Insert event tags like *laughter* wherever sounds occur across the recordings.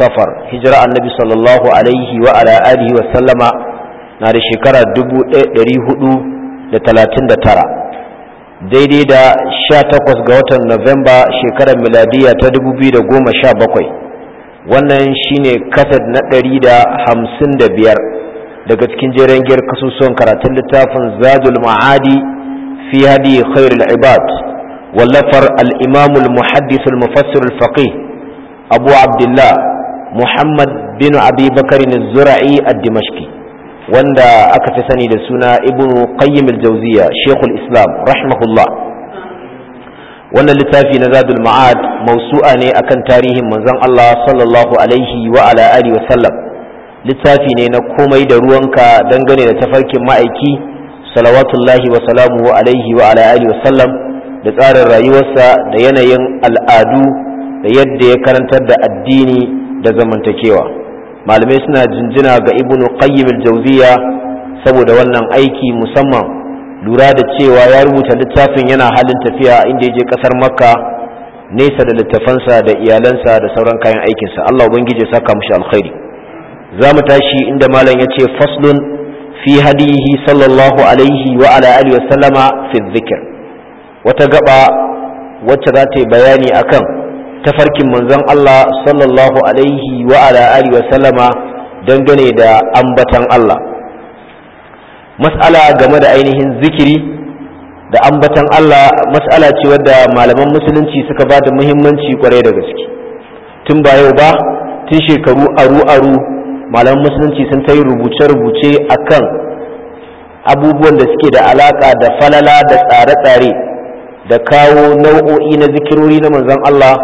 safar hijira annabi sallallahu alaihi wa ala alihi wa sallama na da shekara 1439 daidai da 18 ga watan Novemba shekarar miladiya ta 2017 wannan shine kasad na 155 daga cikin jeren giyar kasusuwan karatun littafin Zadul Ma'adi fi hadi khairul ibad wallafar الإمام المحدث المفسر الفقيه أبو abu abdullah muhammad bin abi bakarin zura'i a dimashki wanda aka fi sani da suna ibn qayyim al-jawziya shekul islam rahimahullah wannan littafi na zadul ma'ad mausu'a ne akan tarihin manzon Allah sallallahu alaihi wa ala alihi wa sallam littafi ne na komai da ruwanka dangane da tafarkin ma'aiki salawatullahi wa alaihi wa ala alihi wa sallam da tsarin rayuwarsa da yanayin al'adu da yadda ya karantar da addini da zamantakewa malamai suna jinjina ga ibnu qayyim al-jawziya saboda wannan aiki musamman lura da cewa ya rubuta littafin yana halin tafiya inda ya je kasar makka nesa da littafansa da iyalansa da sauran kayan aikinsa allah ubangiji ya saka mushi alkhairi za mu tashi inda malam ya ce faslun fi hadihi sallallahu alaihi wa ala alihi wa sallama fi dhikr wata gaba wacce za ta yi bayani akan tafarkin manzon Allah sallallahu alaihi wa ala alihi wa sallama dangane da ambatan Allah mas'ala game da ainihin zikiri da ambatan Allah mas'ala ce wadda malaman musulunci suka ba da muhimmanci kwarai da gaske tun ba yau ba tun shekaru aru-aru malaman musulunci sun ta yi rubuce-rubuce akan abubuwan da suke da alaka da falala da tsare-tsare da kawo nau'o'i na zikirori na manzon Allah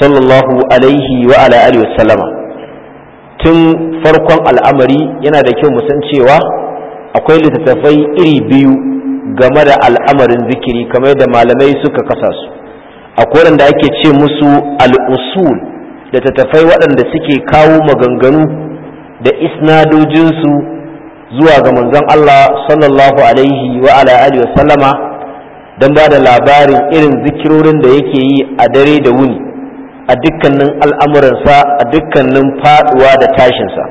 sallallahu alaihi wa ala alihi wasallama tun farkon al'amari yana da kyau mu san cewa akwai littattafai iri biyu game da al'amarin zikiri kamar da malamai suka kasa su akwai wanda ake ce musu al'usul tattafai waɗanda suke kawo maganganu da isnadojinsu zuwa ga manzon Allah sallallahu alaihi wa ala alihi wasallama don ba da labarin irin zikirorin da yake yi a dare da wuni a dukkanin al'amuransa a dukkanin faduwa da tashinsa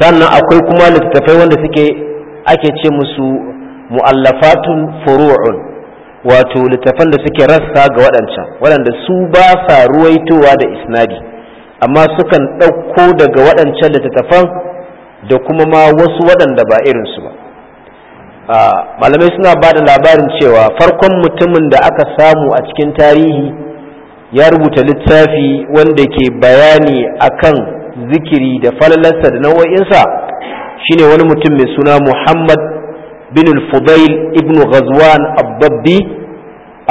sannan akwai kuma littattafai wanda suke ake ce musu mu'allafatun furu'un wato littattafan da suke rassa ga waɗancan waɗanda su ba sa ruwaitowa da isnadi amma sukan ɗauko daga waɗancan littattafan da kuma ma wasu waɗanda ba irinsu ba malamai suna ba da labarin cewa farkon mutumin da aka samu a cikin tarihi ya rubuta littafi wanda ke bayani akan zikiri da falalarsa da nau'o'insa shine wani mutum mai suna Muhammad bin al-Fudail ibn Ghazwan Abdabbi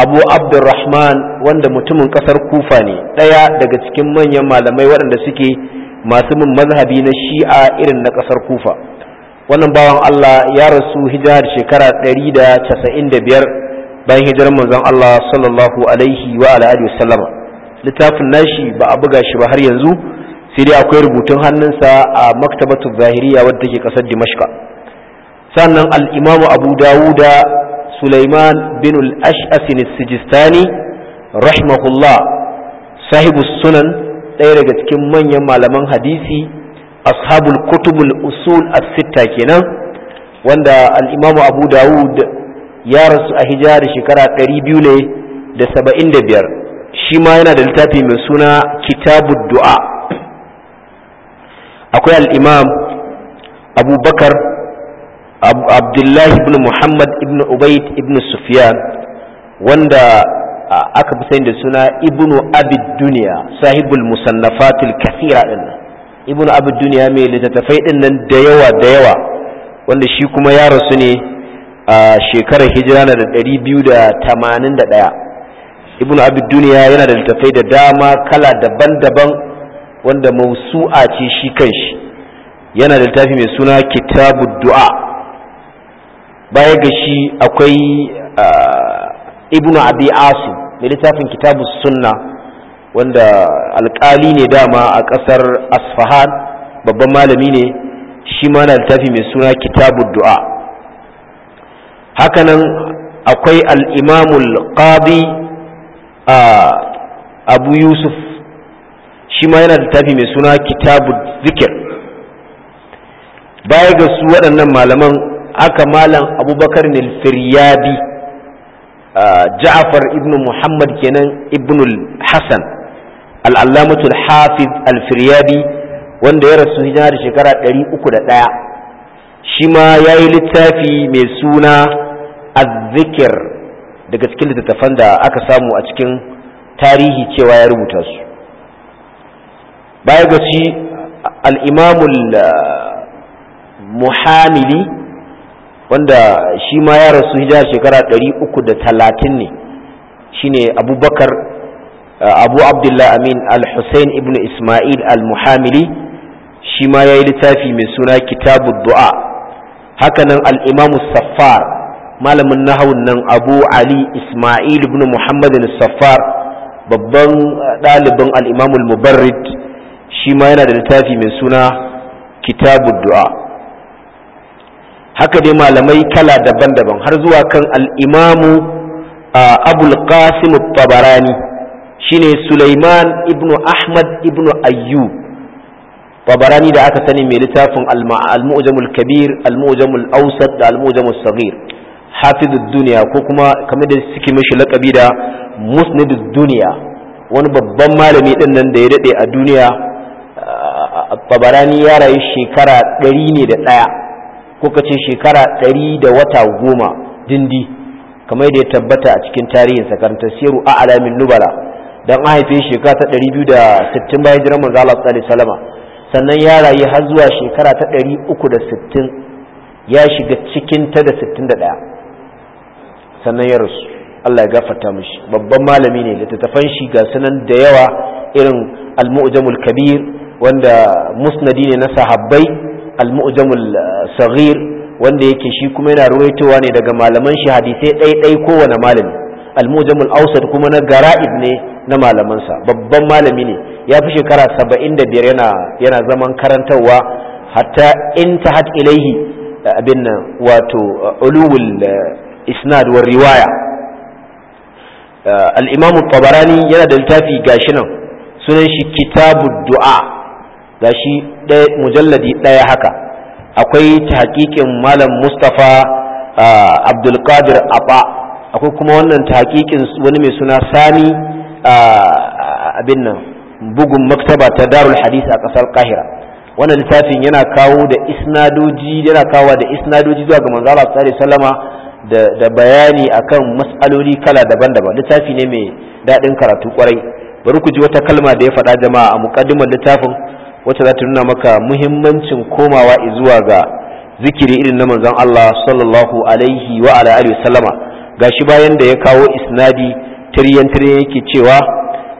Abu Abdurrahman wanda mutumin kasar Kufa ne ɗaya daga cikin manyan malamai waɗanda suke masu bin mazhabi na Shi'a irin na kasar Kufa wannan bawan Allah ya rasu hijira shekara 195 bayan hijirar manzon Allah sallallahu alaihi wa ala alihi wasallama littafin nashi ba a buga shi ba har yanzu sai dai akwai rubutun hannunsa a maktabatu zahiriya wadda take kasar dimashka. sannan al-Imam Abu Dawuda Sulaiman bin al-Ash'as sijistani rahimahullah sahibu sunan ɗaya daga cikin manyan malaman hadisi ashabul kutubul usul as-sitta kenan wanda al-Imam Abu Dawud ya rasu a hijira shekara ɗari biyu ne da saba'in da biyar shi ma yana da littafi mai suna kitabu du'a akwai al'imam abubakar abdullahi ibn muhammad ibn ubaid ibn sufyan wanda aka fi sani da suna ibnu abid duniya sahibul musannafatul kathira din ibnu abid duniya mai littattafai din nan da yawa da yawa wanda shi kuma ya rasu ne a shekarar hijira na da da tamanin ɗaya ibn abid duniya yana da littattafai da dama kala daban-daban wanda mausu'a ce shi kan shi. yana da littafi mai suna kitabu du'a baya ga shi akwai ibn abi asu mai littafin kitabu sunna wanda alkali ne dama a ƙasar asfahan babban malami ne shi ma na littafi mai suna kitabu du'a hakanan akwai al'imamul qadi a abu yusuf shi ma yana littafi mai suna kitabu zikir baya ga su waɗannan malaman aka malam abubakar nilfiryadi ja'afar ibn muhammad kenan ibn hassan al'allamatul hafiz alfiryadi wanda ya rasu hijira da shekara ɗaya. shi ma ya yi littafi mai suna azzikir daga cikin littattafan da aka samu a cikin tarihi cewa ya rubuta su baya ga shi al'imamul eh, muhamili wanda shi ma ya rasu hijira shekara 330 ne shine abubakar eh, abu abdullah amin al-hussein ibn ismail al-muhamili shi ma ya yi littafi mai suna kitabu du'a hakanan al safar saffar malamin nahawun nan abu ali isma'il ibn muhammad saffar babban eh, ɗalibin al-imamu al-mubarrid shi ma yana da littafi mai suna kitabu du'a haka dai malamai kala daban-daban har zuwa kan al-imamu eh, abul qasim tabarani shine sulaiman ibn ahmad ibn ayyub tabarani da aka sani mai littafin al-mu'jamul kabir al-mu'jamul awsat da al-mu'jamul saghir hafizud duniya ko kuma kamar da suke mishi lakabi da musnidud duniya wani babban malami din nan da ya dade a duniya tabarani ya rayu shekara ɗari ne da ɗaya ko kace shekara ɗari da wata goma dindi kamar da ya tabbata a cikin tarihin sakarantar siru a alamin nubala don an haife shekara ta ɗari biyu da sittin bayan jiran manzo Allah sallallahu alaihi sannan ya rayu har zuwa shekara ta ɗari uku da sittin ya shiga cikin ta da sittin da ɗaya sannan ya rasu Allah ya gafarta mishi babban malami ne littattafan shi ga sanan da yawa irin al-mu'jamul kabir wanda musnadi ne na sahabbai al-mu'jamul eh, saghir wanda yake shi kuma yana ruwaitowa ne daga malaman shi hadisai ɗaiɗai kowane malami al-mu'jamul awsat kuma na gara'ib ne na malamansa babban malami ne ya fi shekara saba'in da biyar yana zaman karantarwa hatta in ta hat ilaihi abin wato uh, ulul uh, isnad wa riwaya uh, al-imam tabarani yana da littafi gashi nan sunan shi kitabud du'a gashi mujalladi ɗaya haka akwai tahqiqin malam mustafa abdul qadir aba akwai kuma wannan tahqiqin wani mai suna sami abin nan bugun maktaba ta darul hadisi a kasar kahira wannan littafin yana kawo da isnadoji yana kawo da isnadoji zuwa ga manzo Allah sallallahu alaihi da da bayani akan mas'aloli kala daban-daban littafi ne mai daɗin karatu kwarai bari ku ji wata kalma da ya faɗa jama'a a muqaddimar littafin wacce za ta nuna maka muhimmancin komawa zuwa ga zikiri irin na manzon Allah sallallahu alaihi wa ala alihi sallama gashi bayan da ya kawo isnadi tiryan tiryan yake cewa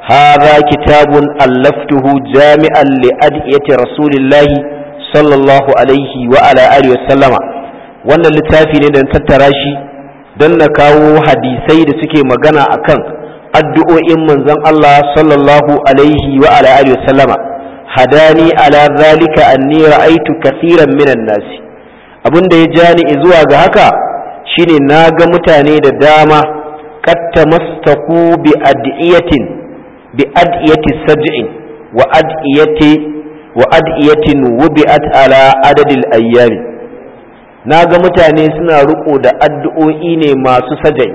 هذا كتاب ألفته jami'an لأدعية رسول الله صلى wannan littafi ne da na tattara shi don na kawo hadisai da suke magana akan addu'o'in manzon Allah sallallahu hadani ala zalika anni ra'aitu kathiran minan nasi abinda ya ja ni zuwa ga haka shine na ga mutane da dama qad tamastaku bi adiyatin bi adiyati saj'in wa adiyati wa adiyatin wubi'at ala adadil ayyami na ga mutane suna riko da addu'o'i ne masu sajai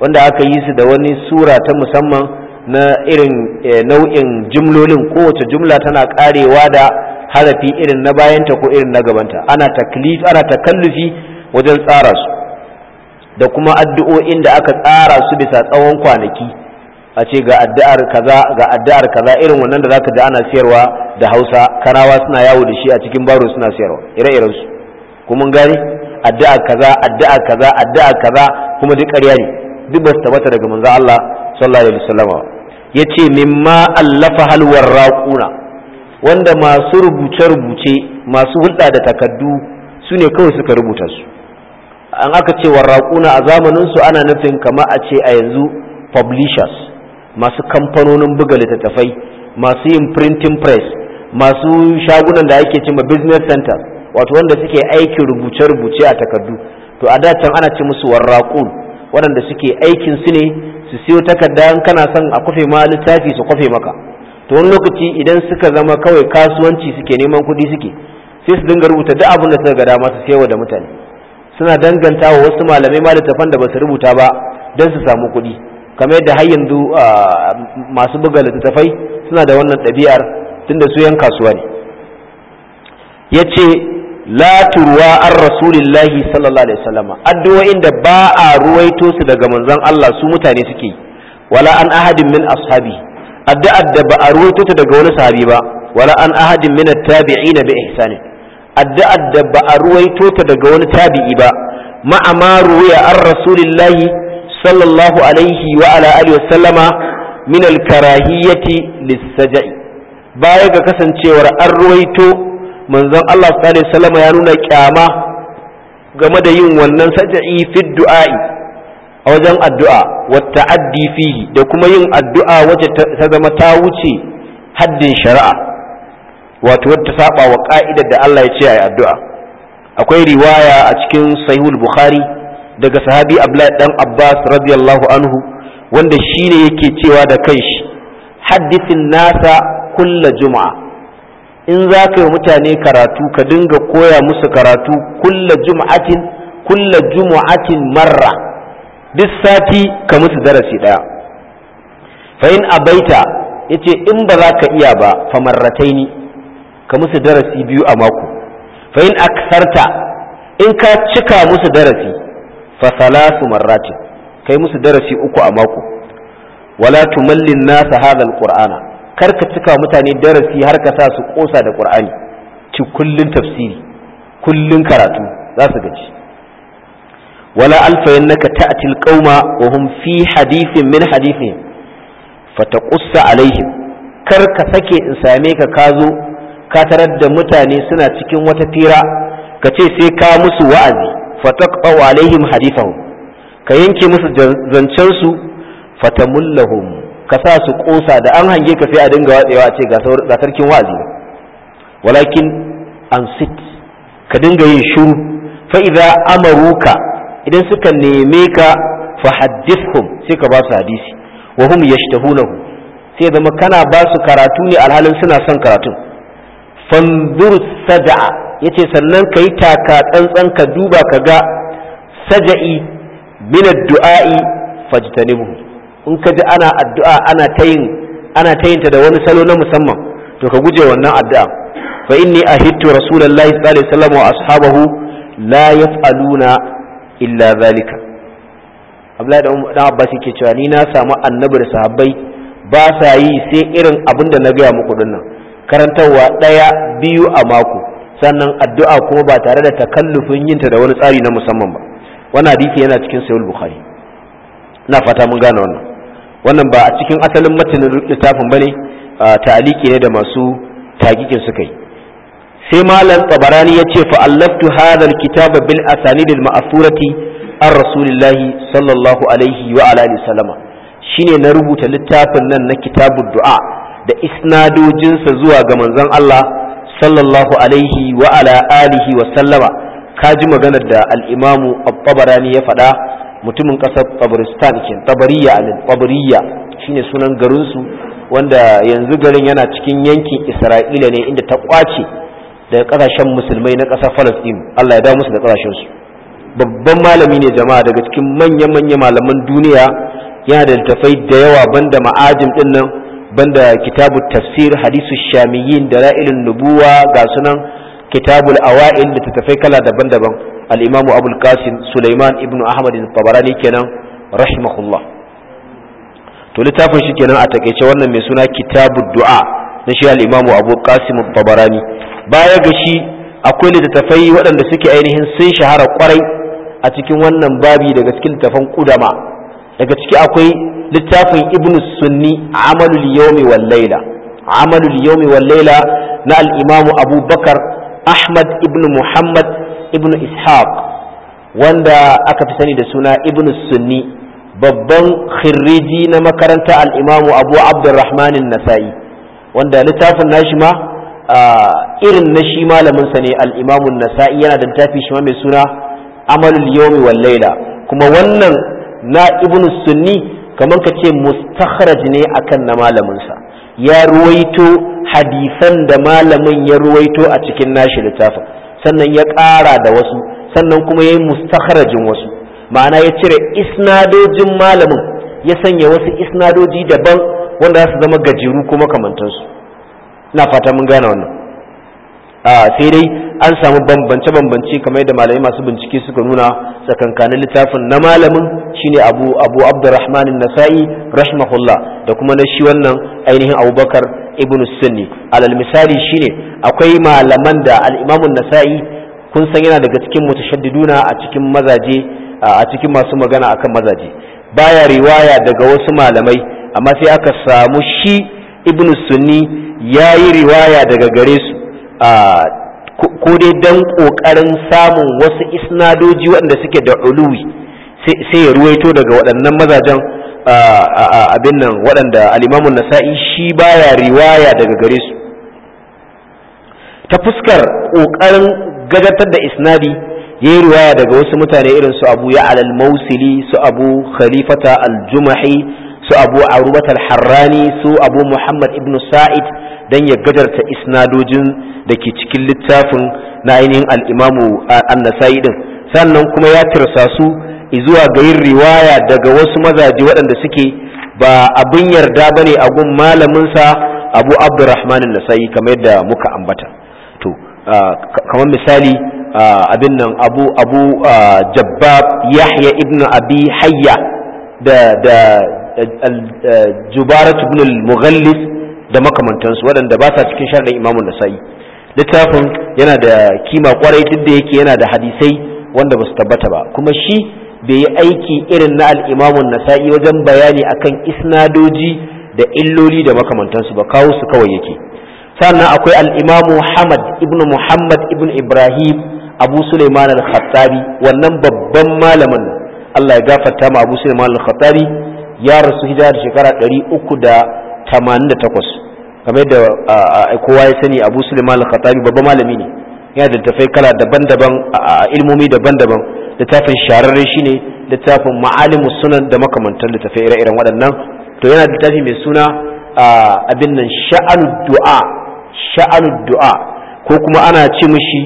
wanda aka yi su da wani sura ta musamman na irin nau'in jumlolin kowace jumla tana karewa da harafi irin na bayanta ko irin na gabanta ana taklif ana takallufi wajen tsara su da kuma addu'o'in da aka tsara su bisa tsawon kwanaki a ce ga addu'ar kaza ga addu'ar kaza irin wannan da zaka ji ana siyarwa da Hausa karawa suna yawo da shi a cikin baro suna siyarwa ire-iren su kuma mun gane addu'a kaza addu'ar kaza addu'ar kaza kuma duk ƙarya ne duk ba su tabbata daga manzo Allah sallallahu alaihi wasallam yace mimma allafa hal warraquna wanda masu rubuce rubuce masu hulɗa da takaddu su ne kawai suka rubuta su an aka ce warraquna a zamanin su ana nufin kama a ce a yanzu publishers masu kamfanonin buga littattafai masu yin printing press masu shagunan da ake cimma business center wato wanda suke aikin rubuce-rubuce a takardu to a da can ana ci musu warraqul waɗanda suke aikin su ne su siyo takarda in kana son a kwafe ma littafi su kwafe maka to wani lokaci idan suka zama kawai kasuwanci suke neman kuɗi suke sai su dinga rubuta duk abin da suka ga dama su sayar da mutane suna danganta wa wasu malamai ma littafan da ba su rubuta ba don su samu kuɗi kamar yadda har yanzu masu buga littattafai suna da wannan ɗabi'ar tunda su yan kasuwa ne ya ce la turwa an rasulillahi sallallahu alaihi wasallama addu'o'in da ba a ruwaito su daga manzon Allah su mutane suke wala an ahadin min ashabi addu'ar da ba a ruwaito ta daga wani sahabi ba wala an ahadin min at-tabi'in bi ihsani addu'ar da ba a ruwaito ta daga wani tabi'i ba ma'a ma ruwaya an rasulillahi sallallahu alaihi wa ala alihi wasallama min baya ga kasancewar an ruwaito manzon Allah sallallahu alaihi wasallama ya nuna kyama game da yin wannan saja'i fi a wajen addu'a wa ta'addi fihi da kuma yin addu'a waje ta zama ta wuce haddin shari'a wato wadda saba wa ka'idar da Allah ya ce a addu'a akwai riwaya a cikin sahihul bukhari daga sahabi Abdullahi dan Abbas radiyallahu anhu wanda shine yake cewa da kanshi hadithin nasa kulla juma'a in za ka yi mutane karatu ka dinga koya musu karatu kulla juma'atin kulla juma'atin marra duk sati ka musu darasi daya fa in abaita yace in ba za ka iya ba fa marrataini ka musu darasi biyu a mako fa in aksarta in ka cika musu darasi Fasala salatu marratin kai musu darasi uku a mako wala tumallin nasa hadha alqur'ana kar ka cika mutane darasi har ka sa su ƙusa da Ƙur'ani ci kullun tafsiri kullun karatu za su gaji wala alfayannaka ta'ti alqauma wa hum fi hadithin min hadithihim fataqussa alaihim kar ka sake in same ka kazo ka tarar da mutane suna cikin wata fira ka ce sai ka musu wa'azi fataqta alaihim hadithahum ka yanke musu zancen su fatamullahum ka sa su kosa da an hange ka sai a dinga watsewa a ce ga sarkin wa'azi walakin ansit ka dinga yin shuru fa idza amaruka idan suka neme ka fa hadithhum sai ka ba su hadisi wa hum yashtahunahu sai zama kana ba su karatu ne alhalin suna son karatu fanzur sada'a yace sannan ka yi taka tsantsan ka duba ka ga saja'i min addu'a'i fajtanibu in ka ji ana addu'a ana tayin ana tayinta da wani salo na musamman to ka guje wannan addu'a fa inni ahittu rasulullahi sallallahu alaihi wasallam wa ashabahu la yaf'aluna illa zalika Abdullahi dan Abbas yake cewa ni na samu annabi da sahabbai ba sa yi sai irin abin da na gaya muku dinnan karantarwa daya biyu a mako sannan addu'a kuma ba tare da takallufin yinta da wani tsari na musamman ba wannan hadisi yana cikin sahih bukhari ina fata mun gane wannan wannan ba a cikin asalin matanin littafin bane ta'aliki ne da masu tagikin suka yi sai malam tabarani ya ce fa'allaftu hadha alkitaba bil asanid al ma'thurati ar rasulillahi sallallahu alaihi wa ala alihi sallama shine na rubuta littafin nan na kitabud du'a da isnadojinsa zuwa ga manzon Allah sallallahu alaihi wa ala alihi wa sallama ka ji maganar da al-imamu at ya faɗa mutumin ƙasar tabaristan ke tabariya alin tabariya shine sunan garinsu wanda yanzu garin yana cikin yankin isra'ila ne inda ta kwace daga ƙasashen musulmai na ƙasar falastin allah ya da musu da ƙasashensu. babban malami ne jama'a daga cikin manya-manya malaman duniya yana da littafai da yawa banda ma'ajin ɗinnan. banda kitabu tafsir hadisu shamiyin da ra'ilin nubuwa ga sunan kitabul awa'il da tattafai kala daban-daban al'imamu abul qasim suleiman ibnu ahmad tabarani kenan rahimahullah to littafin shi kenan a takaice wannan mai suna kitabu du'a na shi al'imamu abu qasim tabarani baya ga shi akwai littafai waɗanda suke ainihin sun shahara kwarai a cikin wannan babi daga cikin littattafan kudama daga ciki akwai littafin ibn sunni amalul yawmi wal layla amalul yawmi wal layla na al-imam abu bakar ahmad Ibnu muhammad Ibnu ishaq wanda aka fi sani da suna ibn sunni babban khirriji na makaranta al-imam abu abdurrahman an-nasa'i wanda littafin nashi ma irin na shi malamin sa ne al-imam nasai yana da littafi shi ma mai suna amalul yawmi wal layla kuma wannan na ibn sunni kamar ka ce mustakhraj ne akan na malaminsa ya ruwaito hadisan da malamin ya ruwaito a cikin nashi littafin sannan ya ƙara da wasu sannan kuma ya yi mustakharajin wasu ma'ana ya cire isnadojin malamin ya sanya wasu isnadoji daban wanda za su zama gajeru kuma kamantansu na fata mun gane wannan a ah, sai dai an samu bambance-bambance kamar da malamai masu bincike suka nuna tsakankanin littafin na malamin shine abu abu abdurrahman nasa'i rahimahullah da kuma na shi wannan ainihin abubakar ibn sunni alal misali shine akwai malaman da al nasa'i kun san yana daga cikin mutashaddiduna a cikin mazaje a cikin masu magana akan mazaje baya riwaya daga wasu malamai amma sai aka samu shi ibn sunni yayi riwaya daga gare su ko dai dan kokarin samun wasu isnadoji waɗanda suke da uluwi sai ya ruwaito daga waɗannan mazajen abin nan waɗanda alimamun nasa'i shi baya riwaya daga gare su ta fuskar kokarin gadatar da isnadi ya yi riwaya daga wasu mutane irin su abu ya alal mausili su abu khalifata al-jumahi su abu arubat al-harrani su abu muhammad ibn sa'id dan ya gajarta isnadojin da ke cikin littafin na ainihin alimamu an-nasa'i sannan kuma ya tirsa su zuwa ga yin riwaya daga wasu mazaji waɗanda suke ba abin yarda ne a gun malaminsa, sa abu abdurrahman an-nasa'i kamar yadda muka ambata to kamar misali abin nan abu abu jabbab yahya ibn abi hayya da jubarat ibn al-mughallis da makamantansu waɗanda ba sa cikin sharɗin imamun nasa'i littafin yana da kima kwarai duk da yake yana da hadisai wanda ba su tabbata ba kuma shi bai yi aiki irin na al'imamun nasa'i wajen bayani akan isnadoji da illoli da makamantansu ba kawo su kawai yake sannan akwai al-imamu hamad ibn muhammad ibn ibrahim abu suleiman al-khattabi wannan babban malamin Allah ya gafarta ma abu suleiman al-khattabi ya rasu hijira da shekara 388 kamar da kowa ya sani abu suleiman al-khattabi babban malami ne yana da tafai kala daban-daban a ilmomi daban-daban littafin shi ne littafin ma'alimu sunan da makamantar littafai ire-iren waɗannan to yana da littafi mai suna abin nan sha'anu du'a sha'anu du'a ko kuma ana ce mishi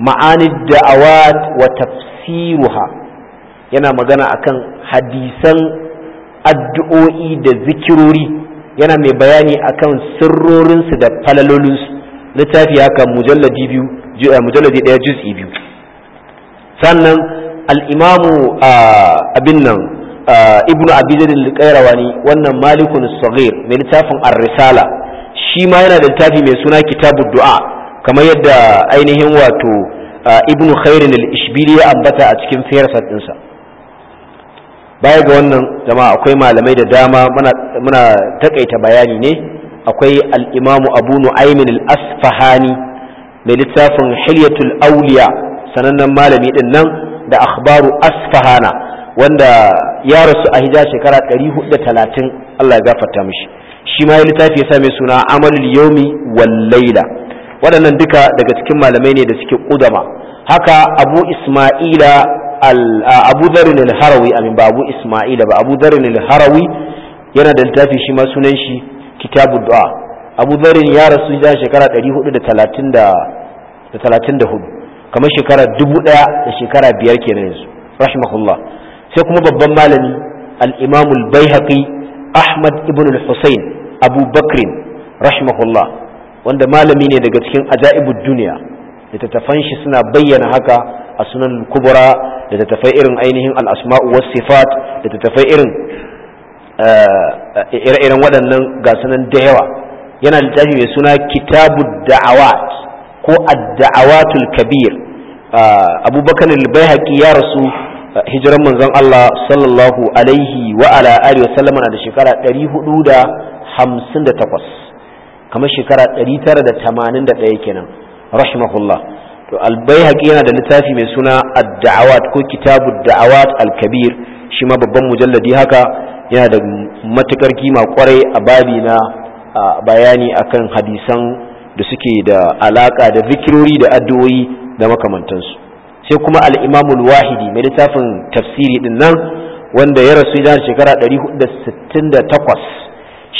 ma'ani da'awat wa tafsiruha yana magana akan hadisan addu'o'i da zikirori yana mai bayani akan sirrorinsu da falalolinsu littafi haka mujalladi biyu eh, mujalladi ɗaya juz'i biyu sannan al'imamu abin nan ibnu abidin al wannan malikun saghir mai littafin ar-risala shi ma yana da littafi mai suna kitabu du'a kamar yadda ainihin wato ibnu khairin al-ishbili ya ambata a cikin fiyar ɗinsa baya ga wannan jama'a akwai malamai da dama muna takaita bayani ne akwai al'imamu abu nu'aymin al-asfahani mai littafin hilyatul auliya sanannen malami din nan da akhbaru asfahana wanda ya rasu a hija shekara 430 Allah ya gafarta mishi shi ma ya littafi ya sa mai suna amalul yaumi wal laila waɗannan duka daga cikin malamai ne da suke kudama haka abu isma'ila abu dharin harawi amin ba abu isma'ila ba abu dharin harawi yana da littafi shi ma sunan shi kitabu du'a abu dharin ya rasu da shekara 430 da kamar shekara 1000 da shekara 5 kenan yanzu rahimahullah sai kuma babban malami al-imam al-baihaqi ahmad ibn al-husayn abu bakr rahimahullah wanda malami ne daga cikin ajaibud duniya littattafan shi suna bayyana haka a sunan kubura da tafai irin ainihin al'asma'u wasu sifat da tafai irin eh, ire-iren waɗannan gasunan da yawa yana littafi mai suna kitabu da'awat ko adda'awatul kabir eh, abubakar al-bayhaqi ya rasu eh, hijiran manzon Allah sallallahu alaihi wa ala alihi wa sallama na da shekara 458 kamar shekara 981 kenan rahimahullah to albayhaqi yana da littafi mai suna ad-da'awat ko kitabu da'awat al-kabir shi ma babban mujalladi haka yana da matukar kima kwarai a babi na bayani akan hadisan da suke da alaka da zikirori da addu'o'i da makamantansu sai kuma al-imamu al-wahidi mai littafin tafsiri din nan wanda ya rasu yana shekara 468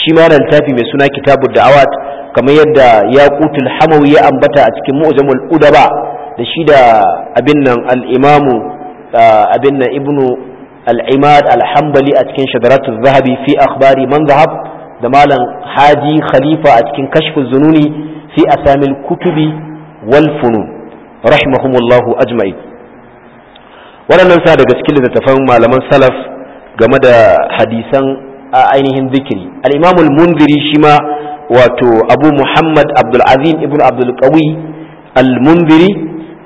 shi ma da littafi mai suna kitabu da'awat kamar yadda yaqutul hamawi ya ambata a cikin mu'jamul udaba da shi da abin nan al-imamu ah, abin nan ibnu al-imad al a cikin shadaratul zahabi fi akhbari man zahab da malam haji khalifa a cikin kashful zununi fi asamil kutubi wal funun ajma'i. ajma'in waɗannan sa daga cikin littattafan malaman salaf game da hadisan a ah, ainihin zikiri al-imamul munziri shi ma wato abu muhammad abdulazim ibn abdulkawi al-mumbiri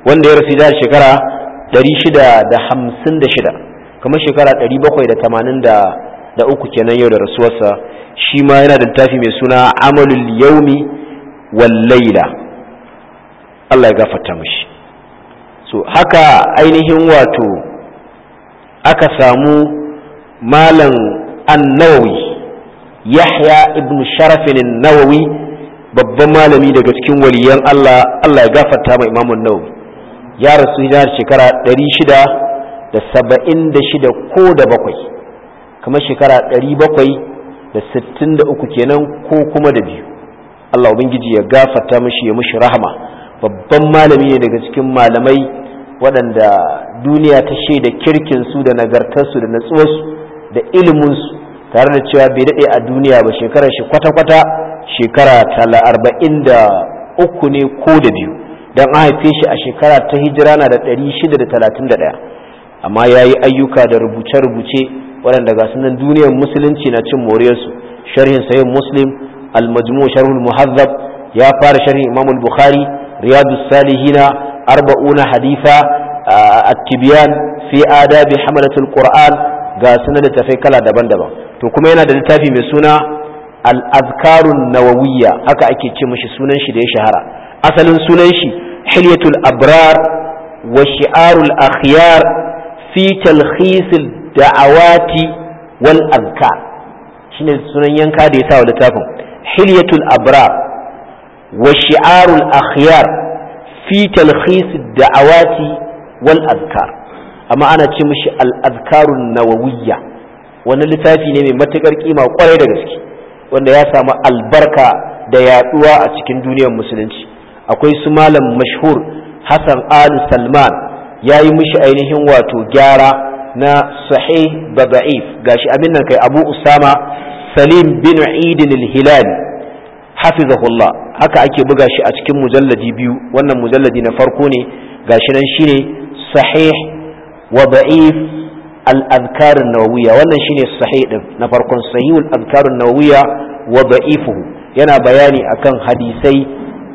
wanda ya rasu da shekara 656 kamar shekara 783 kenan yau da rasuwarsa shi ma yana da tafi mai suna amalul yaumi wal laila Allah ya gafarta mashi so haka ainihin wato aka samu malam annawi yahya ibn sharafin nawawi babban malami daga cikin waliyan allah allah ya gafarta ma imamun nawawi ya rasu hijirar shekara 676 ko da bakwai kamar shekara 763 kenan ko kuma da biyu allah ubangiji ya gafarta mashi ya mushi rahama babban malami ne daga cikin malamai waɗanda duniya ta shaida kirkinsu da nagartarsu da natsuwarsu da iliminsu tare da cewa bai daɗe a duniya ba shekarar shi kwata-kwata shekara tala arba'in da uku ne ko da biyu don an haife shi a shekara ta hijira na da ɗari shida da talatin da ɗaya amma ya yi ayyuka da rubuce-rubuce waɗanda ga sunan duniyar musulunci na cin moriyarsu sharhin sayin muslim al-majmu sharhul muhazzab ya fara sharhin imamul al-bukhari riyadu salihina arba'una hadifa at-tibyan fi adabi hamalatul qur'an ga sunan littafai kala daban-daban to kuma yana da littafi mai suna al-azkarun nawawiyya haka ake ce mishi sunan shi da ya shahara asalin sunan shi hilyatul abrar wa shi'arul akhyar fi talkhisil da'awati wal azkar shine sunan yanka da ya sa wa littafin hilyatul abrar wa shi'arul akhyar fi talkhisil da'awati wal azkar amma ana ce mishi al nawawiyya wani littafi ne mai matukar kima kwarai da gaske wanda ya samu albarka da yaɗuwa a cikin duniyar musulunci akwai su malam mashhur Hassan Ali Salman ya yi mishi ainihin wato gyara na sahih da da'if gashi abin nan kai Abu Usama Salim bin Idin hilali hafizahullah haka ake buga shi a cikin mujalladi biyu wannan mujalladi na farko ne gashi nan shine sahih wa da'if al wannan shine sahih din na farkon sahih al-azkar an yana bayani akan hadisai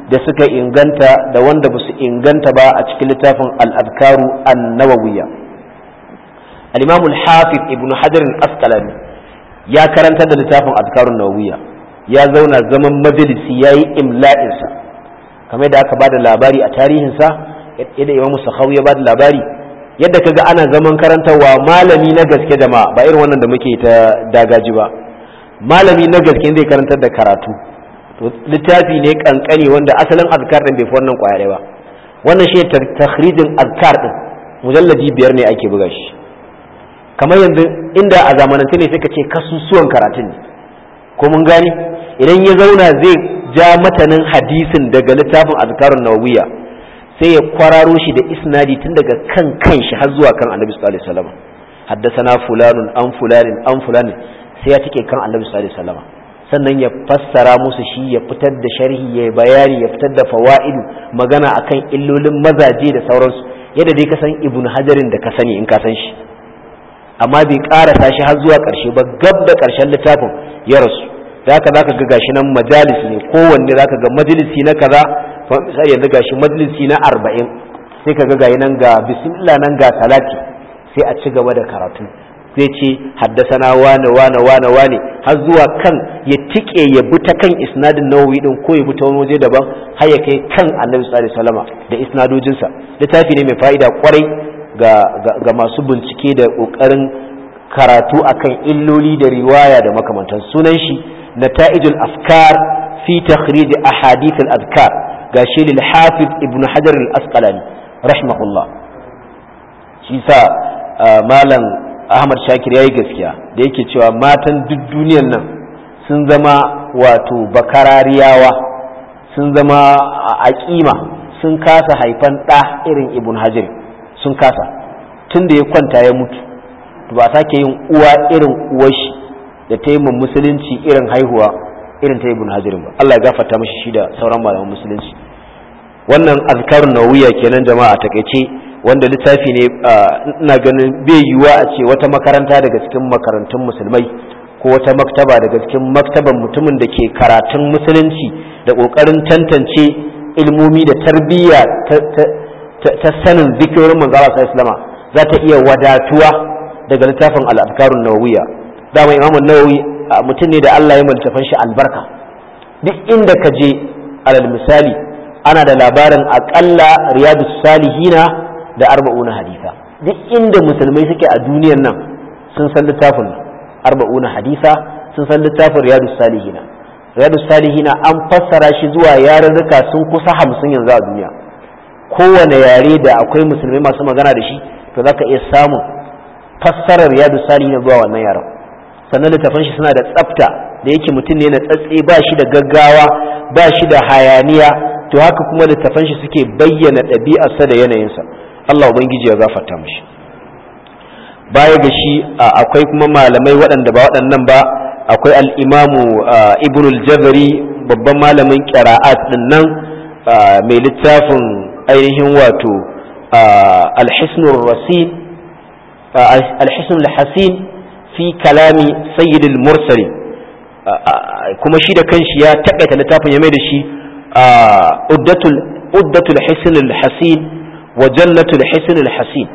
da suka inganta da wanda ba su inganta ba a cikin littafin al'adkaru azkar an-nawawiyya al ibn hajar al ya karanta da littafin azkar an ya zauna zaman majalisi yayi imla'insa kamar da aka bada labari a tarihinsa yadda imam sakhawi ya da labari yadda kaga ana zaman karantarwa malami na gaske jama'a ba irin wannan da muke ta dagaji ba malami na gaske zai karantar da karatu to littafi ne kankani wanda asalin azkar din bai fi wannan kwaya ba wannan shi takhrijin azkar din mujalladi biyar ne ake buga shi kamar yanzu inda a zamanance ne sai ka ce kasusuwan karatun ne ko mun gani idan ya zauna zai ja matanin hadisin daga littafin azkarun nawawiya sai ya kwararo shi da isnadi tun daga kan shi har zuwa kan annabi sallallahu alaihi wasallam haddathana fulanun an fulanin an fulanin sai ya take kan annabi sallallahu alaihi wasallam sannan ya fassara musu shi ya fitar da sharhi ya bayani ya fitar da fawa'idu magana akan illolin mazaje da sauransu yadda dai ka san ibn hajarin da ka sani in ka san shi amma bai karasa shi har zuwa karshe ba gab da karshen littafin ya rasu zaka zaka ga gashi nan majalis ne kowanne zaka ga majalisi na kaza yanzu gashi majalisi na arba'in sai ka ga nan ga bismillah nan ga talati sai a ci gaba da karatu zai ce haddasana wane wane wane wane har zuwa kan ya tike ya bi ta kan isnadin nawawi din ko ya bi ta wani waje daban har ya kai kan annabi sallallahu alaihi wasallam da isnadojinsa littafi ne mai fa'ida kwarai ga ga masu bincike da kokarin karatu akan illoli da riwaya da makamantan sunan shi nata'ijul afkar fi takhrij ahadith al-azkar ga lil hafiz ibn hajar al asqalani rahimahullah shi sa uh, malam ahmad shakir yayi gaskiya da yake cewa matan duk duniyar nan sun zama wato bakarariyawa sun zama a kima sun kasa haifan ɗa irin ibn hajar sun kasa tun ya kwanta ya mutu ba sake yin uwa irin uwar shi da ta yi musulunci irin haihuwa irin ta ibn hajarin ba Allah ya gafarta mashi shi da sauran malaman musulunci wannan azkarun nawiya kenan jama'a ta takaice wanda littafi ne ina ganin bai yiwuwa a ce wata makaranta daga cikin makarantun musulmai ko wata maktaba daga cikin maktaban mutumin da ke karatun musulunci da kokarin tantance ilmomi da tarbiyya ta sanin zikirin manzo Allah sallama za ta iya wadatuwa daga littafin al-azkarun nawiya dama imamu nawawi mutum ne da Allah ya multafan shi albarka duk inda ka je alal misali ana da labarin akalla riyadu salihina da arba'una hadisa duk inda musulmai suke a duniyar nan sun san littafin arba'una hadisa sun san littafin riyadu salihina riyadu salihina an fassara shi zuwa yarurruka sun kusa hamsin yanzu a duniya kowane yare da akwai musulmai masu magana da shi to zaka iya samun fassarar riyadu salihina zuwa wannan yaran sannan littafin shi suna da tsafta da yake mutum ne na tsatse ba shi da gaggawa ba shi da hayaniya to haka kuma littafin shi suke bayyana ɗabi'arsa da yanayinsa Allah ubangiji ya gafarta mashi baya ga shi akwai kuma malamai waɗanda ba waɗannan ba akwai al'imamu ibn al-jabari babban malamin ƙyara'at ɗin nan mai littafin ainihin wato al rasin hasin fi kalami sayyidul mursali kuma shi da kanshi ya takaita littafin ya mai da shi uddatul uddatul hisnul hasin wa jannatul hisnul hasin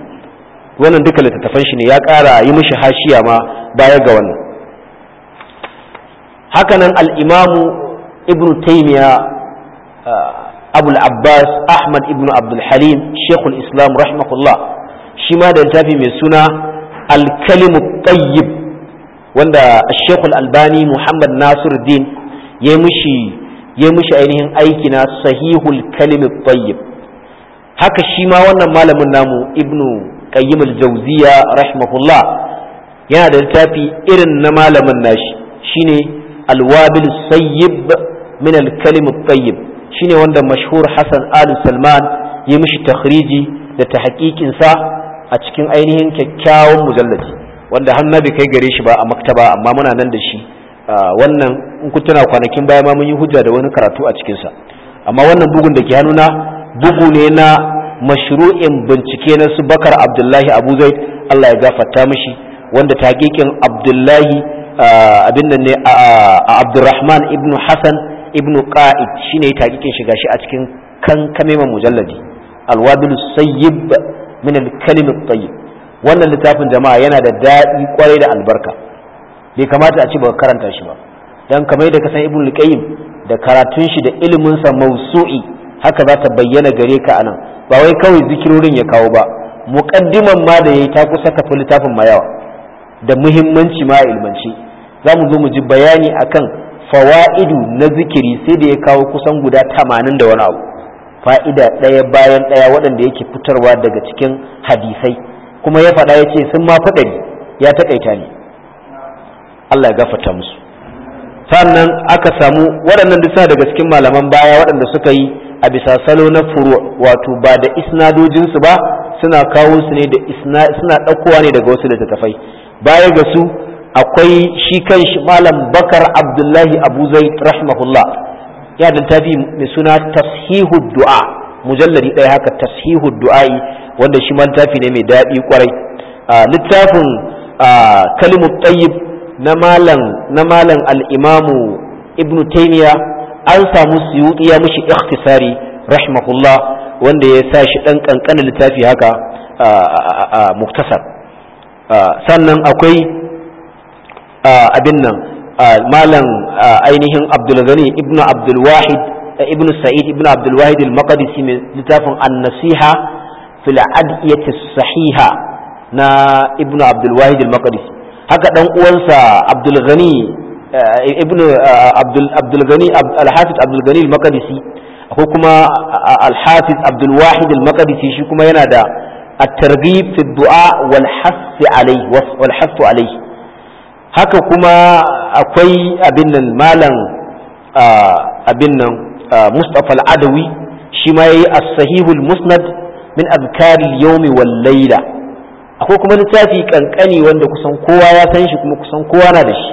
wannan duka littattafan shi ne ya a yi mishi hashiya ma baya ga wannan hakanan al-imamu ibn taymiya abul abbas ahmad ibn abdul halim shekul islam rahimahullah shi ma da littafi mai suna alkalimu tayyib wanda shekul albani muhammad nasiruddin ya mishi ya mishi ainihin aiki na sahihul kalimu tayyib haka shi ma wannan malamin namu ibnu qayyim al-jawziya rahimahullah yana da littafi irin na malamin nashi shine alwabil sayyib min al-kalim at shine wanda mashhur Hassan Ali Salman ya mishi takhriji da tahqiqin sa a cikin ainihin kyakkyawan mujalladi wanda har nabi kai gare shi ba a maktaba amma muna nan da shi wannan in kun tuna kwanakin baya ma mun yi hujja da wani karatu a cikinsa. amma wannan bugun da ke hannuna bugu ne na mashru'in bincike na su Bakar Abdullahi Abu Zaid Allah ya gafarta mishi wanda taqiqin Abdullahi abin nan ne a Abdurrahman ibn Hassan ibnu Qa'id shine taqiqin shiga shi a cikin kankame mujalladi alwadul Sayyib min al-kalim wannan littafin jama'a yana da daɗi kwarai da albarka bai kamata a ci ba karanta shi ba dan kamar da kasan ibnu al-qayyim da karatun shi da ilimin sa mawsu'i haka za ta bayyana gare ka anan ba wai kawai zikirorin ya kawo ba muqaddiman ma da yayi ta kusa ka fi littafin ma yawa da muhimmanci ma ilmanci za mu zo mu ji bayani akan fawa'idu na zikiri sai da ya kawo kusan guda 80 da wani abu fa'ida ɗaya bayan ɗaya waɗanda yake fitarwa daga cikin hadisai kuma ya faɗa ya ce sun ma faɗa ya taƙaita ne Allah ya gafarta musu sannan aka samu waɗannan duk daga cikin malaman baya waɗanda suka yi a bisa salo na furu wato ba da isnadojinsu ba suna kawo su ne da isna suna ɗaukowa ne daga wasu littattafai baya ga su akwai shi kan kanshi malam bakar abdullahi abu zai rahimahullah ya danta tafi mai suna tashihu du'a mujalladi ɗaya haka tashihu du'a'i wanda shi ma littafi ne mai daɗi kwarai littafin kalimu tayyib na malam na al-imamu ibn taymiya an samu suyuti ya mushi ikhtisari rahimahullah wanda ya sa shi dan kankanin littafi haka muktasar sannan akwai abin nan malam ainihin abdulgani ibn abdulwahid ibn sa'id ibn abdulwahid al-maqdisi mai littafin annasiha nasiha fil adiyati sahiha na ibn abdulwahid al-maqdisi haka dan uwansa abdulgani ibn abdulgani al-hafiz abdulgani al-maqdisi abdulwahid al-maqdisi shi kuma yana da at-targhib fi du'a haka kuma akwai abin nan malam abin nan mustapha al'adawi shi ma ya yi a sahihul musnad min azkari yaumi wal akwai kuma littafi kankani wanda kusan kowa ya san shi kuma kusan kowa na da shi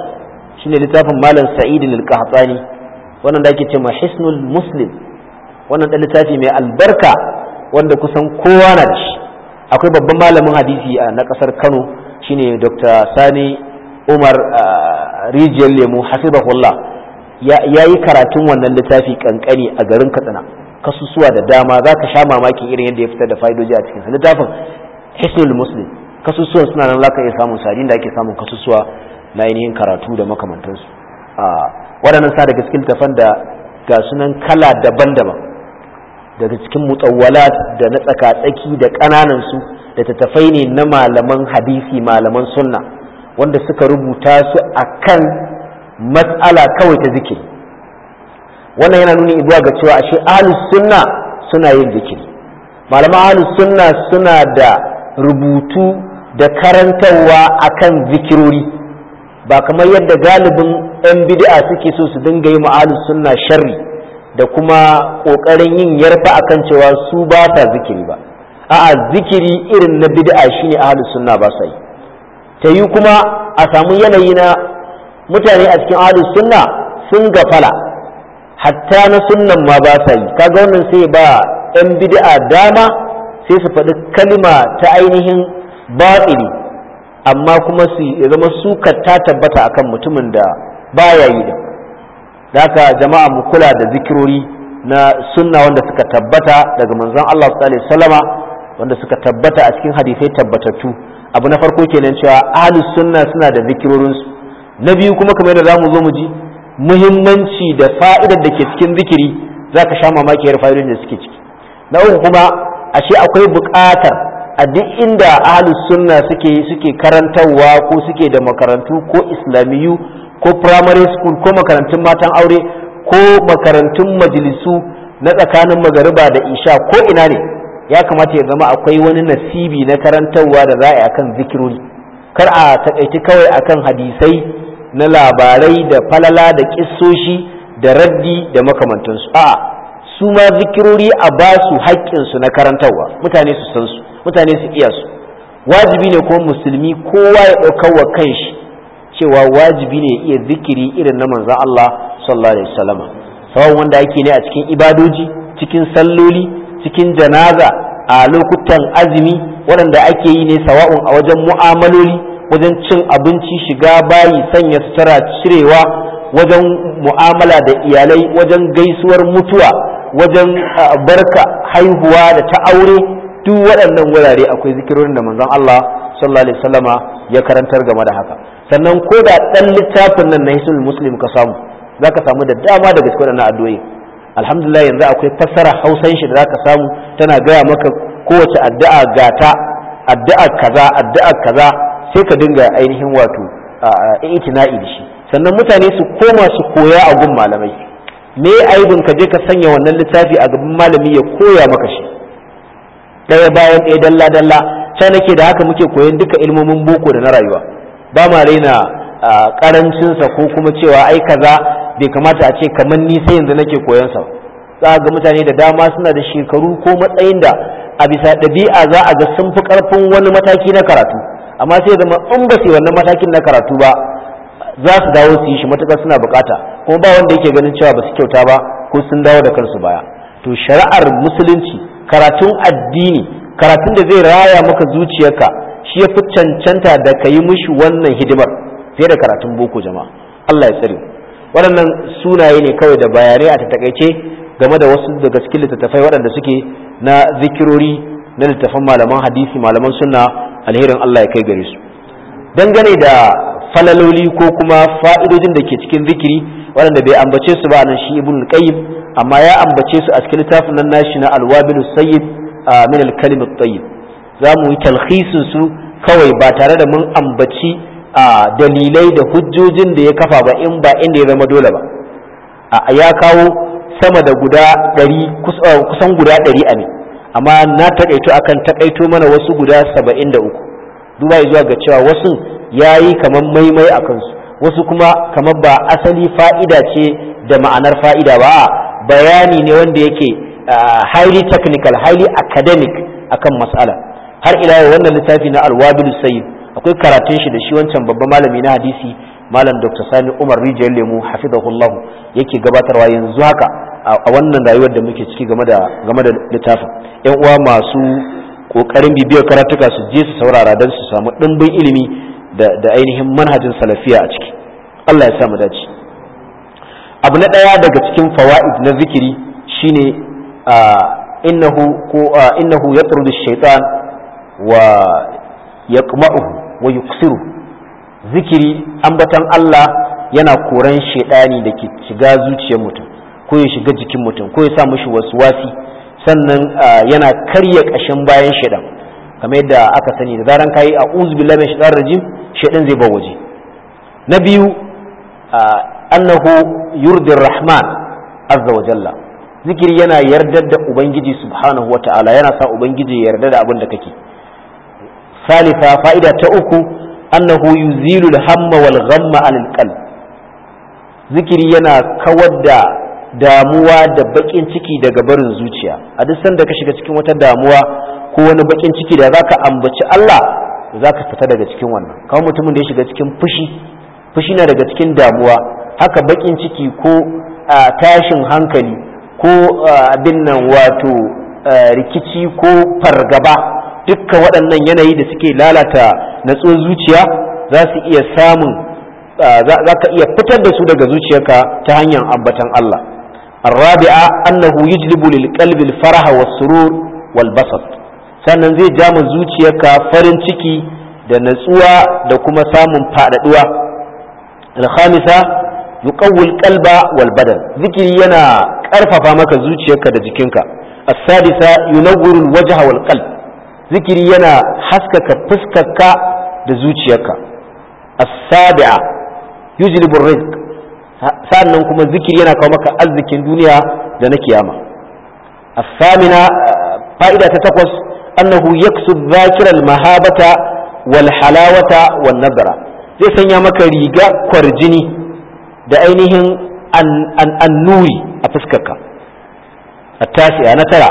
shine littafin malam sa'id al-qahtani wannan da ake cewa hisnul muslim wannan da littafi mai albarka wanda kusan kowa na da shi akwai babban malamin hadisi na kasar Kano shine Dr. Sani umar rijiyar lemu hafizahullah ya yi karatun wannan littafi kankani a garin katsina kasusuwa da dama za ka sha mamakin irin yadda ya fitar da fa'idoji a cikinsa littafin hisnul muslim kasusuwan suna nan laka iya samun sadin da ake samun kasusuwa na ainihin karatu da makamantansu waɗannan sa daga cikin tafan da ga sunan kala daban-daban daga cikin mutsawala da na tsaka-tsaki da ƙananansu da tattafai ne na malaman hadisi malaman sunna wanda suka rubuta su akan matsala kawai ta zikiri wannan yana nuni zuwa ga cewa ashe ahlus sunna suna yin zikiri malaman ahlus sunna suna da rubutu da karantarwa akan zikirori ba kamar yadda galibin 'yan bid'a suke so su dinga yi ahlus sunna sharri da kuma ƙoƙarin yin yarfa kan cewa su ba ta zikiri ba a'a zikiri irin na bid'a shine ne sunna ba sai. ta yi kuma a samu yanayi na mutane a cikin ahlus sunna sun gafala hatta na sunnan ma ba sa yi kaga wannan sai ba yan bid'a dama sai su faɗi kalima ta ainihin batsiri amma kuma su zama suka ta tabbata akan mutumin da baya yi da haka jama'a mu kula da zikirori na sunna wanda suka tabbata daga manzon Allah sallallahu alaihi wanda suka tabbata a cikin hadisai tabbatattu abu na farko kenan cewa ahlus sunna suna da zikirorin su na biyu kuma kamar da zamu zo mu ji muhimmanci da fa'idar da ke cikin zikiri zaka sha mamaki har fa'idar da suke ciki na uku kuma ashe akwai buƙatar a duk inda ahlus sunna suke suke karantarwa ko suke da makarantu ko islamiyu ko primary school ko makarantun matan aure ko makarantun majalisu na tsakanin magariba da isha ko ina ne ya kamata ya zama akwai wani nasibi na karantarwa da za a yi akan zikirori kar a takaici kawai akan hadisai na labarai da falala da kissoshi da raddi da makamantansu a su ma zikirori a ba su haƙƙinsu na karantarwa mutane su san su mutane su iya su wajibi ne kuma musulmi kowa ya ɗaukar wa kanshi cewa wajibi ne iya zikiri irin na manzon Allah sallallahu alaihi wasallam sawan wanda yake ne a cikin ibadoji cikin salloli cikin janaza a lokutan azumi waɗanda ake yi ne sawa'un a wajen mu'amaloli wajen cin abinci shiga bayi sanya sutura cirewa wajen mu'amala da iyalai wajen gaisuwar mutuwa wajen barka haihuwa da ta aure duk waɗannan wurare akwai zikirorin da manzon Allah sallallahu alaihi wasallama ya karantar game da haka sannan ko da ɗan littafin nan na hisul muslim ka samu zaka samu da dama daga cikin waɗannan addu'o'i alhamdulillah yanzu akwai fassara hausan shi da zaka samu tana gaya maka kowace addu'a gata addu'a kaza addu'a kaza sai ka dinga ainihin wato itina'i da shi sannan mutane su koma su koya a gun malamai me aibin ka je ka sanya wannan littafi a gaban malami ya koya maka shi ɗaya bayan ɗaya dalla dalla can nake da haka muke koyan duka ilmomin boko da na rayuwa ba ma raina karancinsa ko kuma cewa ai kaza bai kamata a ce kamar ni sai yanzu nake koyon sa za ga mutane da dama suna da shekaru ko matsayin da a bisa ɗabi'a za a ga sun fi ƙarfin wani mataki na karatu amma sai zama in ba su wannan matakin na karatu ba za su dawo su yi shi matuƙar suna buƙata kuma ba wanda yake ganin cewa ba su kyauta ba ko sun dawo da kansu baya to shari'ar musulunci karatun addini karatun da zai raya maka zuciyarka shi ya fi cancanta da ka yi mishi wannan hidimar fiye da karatun boko jama'a Allah ya tsare waɗannan sunaye ne kawai da bayanai a takaice game da wasu daga cikin littattafai waɗanda suke na zikirori na littattafan malaman hadisi malaman sunna alherin Allah ya kai gare su dangane da falaloli ko kuma fa'idojin da ke cikin zikiri waɗanda bai ambace su ba nan shi ibn qayyim amma ya ambace su a cikin littafin nan nashi na alwabilus sayyid a al-kalim at za mu yi talhisin su kawai ba tare da mun ambaci a dalilai da hujjojin da ya kafa ba in ba inda ya zama dole ba a ya kawo sama da guda ɗari kusan guda ɗari a ne amma na taƙaito akan taƙaito mana wasu guda saba'in da uku duba zuwa ga cewa wasu ya yi kamar maimai a kansu wasu kuma kamar ba asali fa'ida ce da ma'anar fa'ida ba bayani ne wanda yake highly technical highly academic akan matsala har ila wannan littafi na alwabil sayyid akwai karatun shi da shi wancan babban malami na hadisi malam dr sani umar rijiyar lemu hafizahullahu yake gabatarwa yanzu haka a wannan rayuwar da muke ciki game da littafin yan uwa masu kokarin bibiyar karatuka su je su saurara don su samu ɗimbin ilimi da ainihin manhajin salafiya a ciki allah ya samu dace abu na ɗaya daga cikin fawa'id na zikiri shine innahu ko innahu yatrudu shaitan wa yaqma'uhu wa yuksiru zikiri ambatan Allah yana koran shaidani da ke shiga zuciyar mutum ko ya shiga jikin mutum ko ya sa wasu wasi sannan yana karya kashin bayan shaidan kamar yadda aka sani da zaran kayi a uzbillah min shaitan rajim shaidan zai ba waje na biyu annahu yurdir rahman azza wa jalla zikiri yana yardar da ubangiji subhanahu wataala yana sa ubangiji ya yarda da abin da kake salisa fa'ida ta uku annahu yuzilu al-hamma wal ghamma qalb zikiri yana kawar da damuwa da bakin ciki daga barin zuciya a duk sanda ka shiga cikin wata damuwa ko wani bakin ciki da zaka ambaci Allah zaka fita daga cikin wannan kawai mutumin da ya shiga cikin fushi fushi na daga cikin damuwa haka bakin ciki ko tashin hankali ko abin nan wato rikici ko fargaba dukkan waɗannan yanayi da suke lalata natsuwar zuciya za su iya samun za ka iya fitar da su daga zuciyarka ta hanyar ambatan Allah الرابعة أنه يجلب للقلب الفرح والسرور والبسط sannan zai ja zuciyarka farin ciki da natsuwa da kuma samun faɗaɗuwa alhamisa yuqawwil qalba wal badan zikiri yana ƙarfafa maka zuciyarka da jikinka as-sadisa yunawwiru al-wajha wal qalb zikiri yana haskaka fuskarka da zuciyarka as-sabi'a yujlibu rizq sannan kuma zikiri yana kawo maka arzikin duniya da na kiyama as-samina fa'ida ta takwas annahu yaksu dhakira al-mahabata wal halawata wan nadra zai sanya maka riga kwarjini da ainihin an an annuri a fuskarka at-tasi'a na tara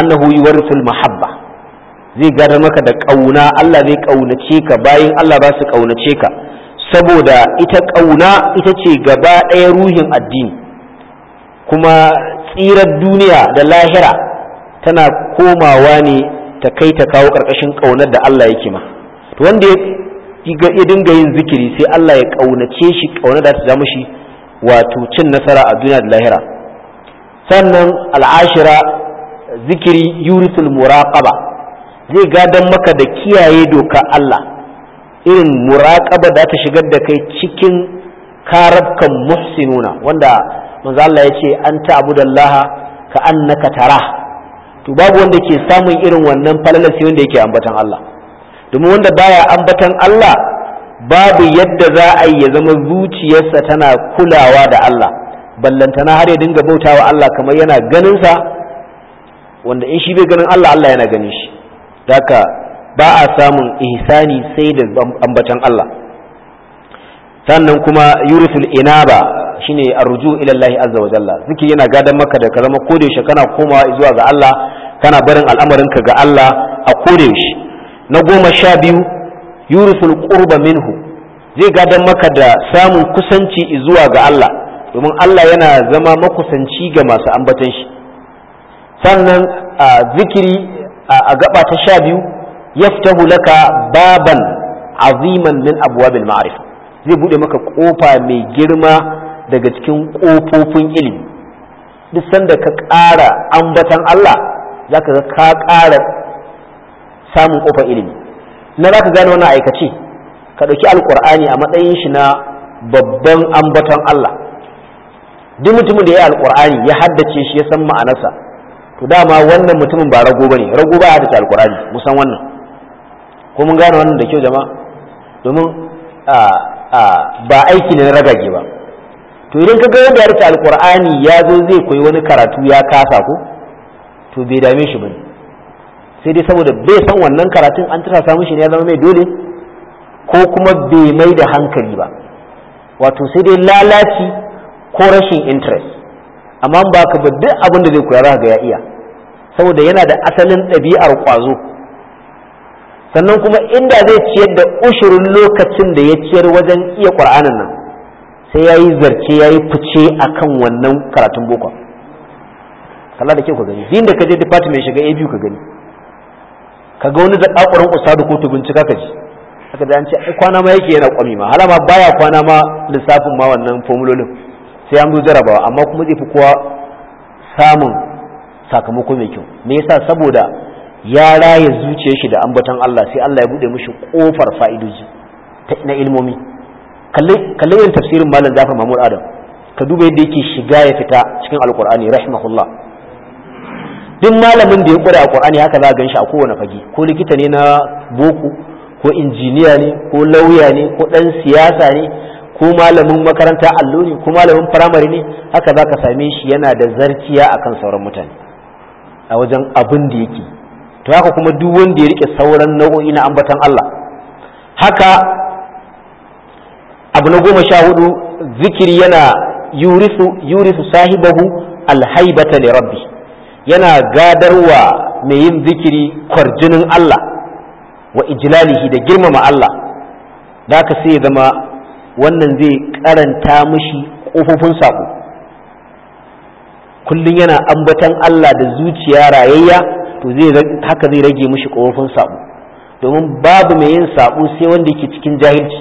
annahu yuwarithul mahabba zai gadar maka da kauna Allah zai kaunace ka bayan Allah ba su kaunace ka saboda ita kauna ita ce gaba ɗaya ruhin addini kuma tsirar duniya da lahira tana komawa ne ta kai ta kawo ƙarƙashin ƙaunar da Allah yake ma to wanda ya dinga yin zikiri sai Allah ya ƙaunace shi ƙaunar da ta zama shi wato cin nasara a duniya da lahira sannan al'ashira zikiri yurisul muraqaba zai gadon maka da kiyaye doka Allah irin muraqaba da ta shigar da kai cikin karabkan muhsinuna wanda manzo Allah yace an ta'budallaha ka annaka tarah to babu wanda ke samun irin wannan falalar sai wanda yake ambatan Allah domin wanda baya ambatan Allah babu yadda za a yi ya zama zuciyarsa tana kulawa da Allah ballantana har ya dinga bautawa Allah kamar yana ganin sa wanda in shi bai ganin Allah Allah yana ganin shi daka ba a samun ihsani sai da ambatan Allah sannan kuma yurisul inaba shine arju ila Allah azza wa jalla zikiri yana gadan maka da karama ko da kana komawa zuwa ga Allah kana barin al'amarin ka ga Allah a kore shi na goma sha biyu yurisul qurba minhu zai gadan maka da samun kusanci zuwa ga Allah domin Allah yana zama makusanci ga masu ambatan shi sannan a zikiri a gaba ta sha biyu ya fita hulaka baban aziman min abwabil ma'arif zai buɗe maka ƙofa mai girma daga cikin ƙofofin ilimi duk sanda ka ƙara ambatan Allah za ga ka ƙara samun kofar ilimi na za ka gane wannan aikace ka ɗauki alkur'ani a matsayin shi na babban ambaton Allah duk mutumin da ya yi alkur'ani ya haddace shi ya san ma'anarsa to dama wannan mutumin ba rago bane rago ba haddace alkurani musan wannan ko mun gane wannan da kyau jama'a domin a a ba aiki ne na ragage ba to idan ka ga wanda ya rike alkur'ani ya zo zai koyi wani karatu ya kasa ko to bai dame shi bane sai dai saboda bai san wannan karatun an tasa samun shi ne ya zama mai dole ko kuma bai mai da hankali ba wato sai dai lalaci ko rashin interest amma ba ka ba duk abin da zai koya za ga ya iya saboda yana da asalin ɗabi'ar ƙwazo sannan kuma inda zai ciyar da ushirin lokacin da ya ciyar wajen iya ƙur'anin nan sai ya yi zarce ya yi fice a kan wannan karatun boko Kala da kyau ka gani din da ka je department shiga abu ka gani ka ga wani zaɓaɓɓarin usadu ko bincika ka ji haka da an ce ai kwana ma yake yana ƙwami ma halama baya kwana ma lissafin ma wannan formulolin sai an zo jarabawa amma kuma zai fi kowa samun sakamako mai kyau me yasa saboda ya raye zuciyar shi da ambaton Allah sai Allah ya bude mishi kofar fa'idoji na ilmomi kalle yin tafsirin malam Zafar Mahmud Adam ka duba yadda yake shiga ya fita cikin alqur'ani rahimahullah duk malamin da ya kware alqur'ani haka za a ganshi a kowane fage ko likita ne na boko ko injiniya ne ko lauya ne ko dan siyasa ne ko malamin makaranta allo ne ko malamin firamare ne haka za ka same shi yana da zarkiya akan sauran mutane a wajen abin da yake to haka kuma duk wanda ya rike sauran nau'o'i na ambatan Allah haka abu na goma sha hudu zikiri yana yurisu yurisu sahibahu alhaibata li rabbi yana gadarwa mai yin zikiri kwarjinin Allah wa ijlalihi da girmama Allah da ka sai zama wannan zai karanta mishi ƙofofin sako kullum yana ambatan Allah da zuciya rayayya to zai haka zai rage mishi korafin sabo domin babu mai yin sabo sai wanda yake cikin jahilci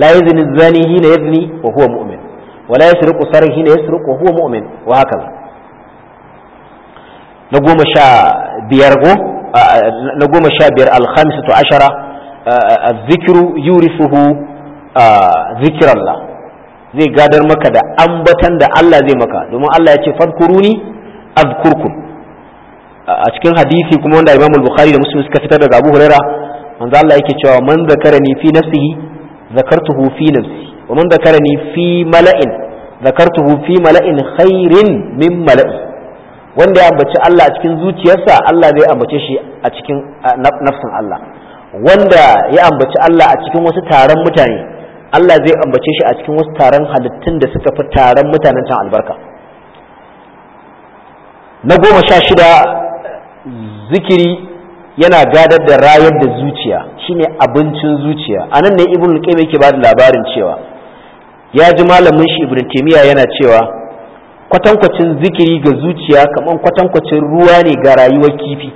la yazni zani hina yazni wa huwa mu'min wa la yasriqu sarhi hina yasriqu wa huwa mu'min wa hakaza na goma sha biyar go na goma sha biyar al-khamisatu ashara الذكر يورثه ذكر الله zai gadar maka da ambatan da Allah zai maka domin Allah ya ce fadkuruni azkurkum a cikin hadisi kuma wanda Imam Bukhari da Muslim suka fitar daga Abu Huraira manzo Allah yake cewa man zakarani fi nafsihi zakartuhu fi nafsi wa man zakarani fi mala'in zakartuhu fi mala'in khairin min mala'i wanda ya ambaci Allah a cikin zuciyarsa Allah zai ambace shi a cikin nafsin Allah wanda ya ambaci Allah a cikin wasu taron mutane Allah zai ambace shi a cikin wasu taron halittun da suka fi taron mutanen can albarka na goma sha shida zikiri yana gadar da rayar da zuciya shine abincin zuciya a nan ne ibn luqaym yake ba da labarin cewa ya ji malamin shi ibn taymiya yana cewa kwatankwacin zikiri ga zuciya kamar kwatankwacin ruwa ne ga rayuwar kifi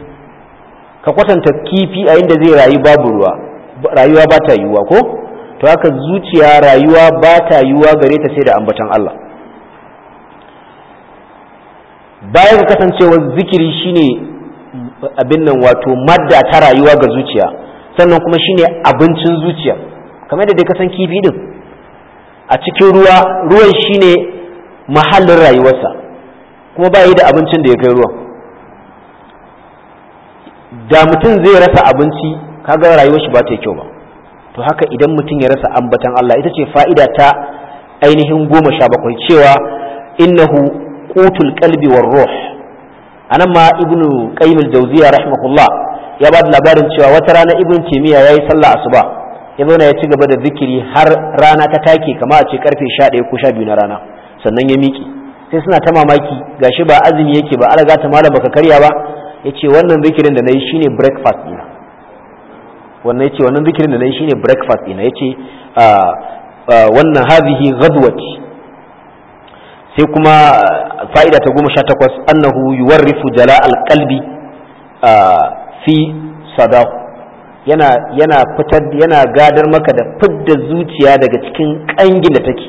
ka kwatanta kifi a inda zai rayu babu ruwa rayuwa ba ta yiwuwa ko to haka zuciya rayuwa ba ta yiwuwa gare ta sai da ambaton Allah bayan kasancewar zikiri shine abin nan wato madda ta rayuwa ga zuciya sannan kuma shine abincin zuciya kamar da dai kasan kifi din a cikin ruwa ruwan shine mahallin rayuwarsa kuma ba yi da abincin da ya kai ruwan da mutum zai rasa abinci kaga rayuwar shi ba ta yi kyau ba to haka idan mutum ya rasa ambatan Allah ita ce fa'ida ta ainihin goma sha bakwai cewa innahu qutul kalbi war ruh anan ma ibnu qayyim jawziya rahimahullah ya ba da labarin cewa wata rana ibnu ya yi sallah asuba ya zauna ya ci gaba da zikiri har rana ta take kama a ce karfe ɗaya ko sha biyu na rana sannan ya miƙe sai suna ta mamaki gashi ba azumi yake ba alaga ta malam baka karya ba yace wannan zikirin da na nayi shine breakfast dina wannan yace wannan zikirin da nayi shine breakfast ina yace ah, ah, wannan hadhihi ghadwati sai kuma fa'ida ta goma sha takwas annahu yuwarrifu jala alqalbi ah, fi sadaq yana yana fitar yana gadar maka da fidda zuciya daga cikin kangin da take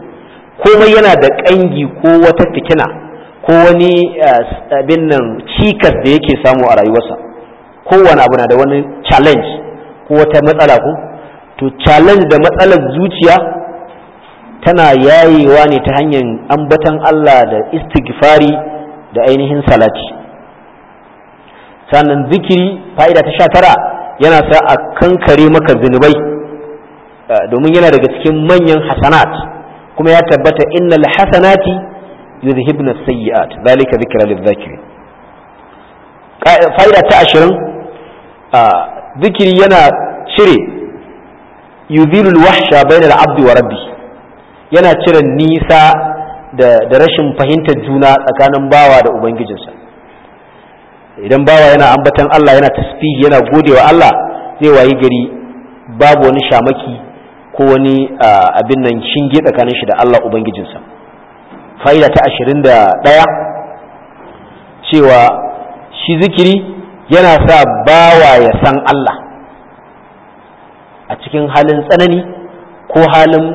komai yana da kangi ko wata fitina ko wani abin nan cikas da yake samu a rayuwarsa kowane abu na da wani challenge ko wata matsala ko to challenge da matsalar zuciya tana yayewa ne ta hanyar ambatan Allah da istighfari da ainihin salati sannan zikiri fa'ida ta sha tara yana sa a kankare maka zunubai eh, domin yana daga cikin manyan hasanat kuma ya tabbata innal hasanati yuzhibna sayyi'at zalika zikra lil dhakirin fa'ida ta ashirin ah, zikiri yana cire yuzilul wahsha bainal abdi wa rabbi yana cire nisa da rashin fahimtar juna tsakanin bawa da ubangijinsa idan bawa yana ambatan Allah yana tasbihi yana godewa Allah zai wayi gari babu wani shamaki ko wani abin nan shinge tsakanin shi da Allah ubangijinsa fa'ida ta 21 cewa shi zikiri yana sa bawa ya san Allah a cikin halin tsanani ko halin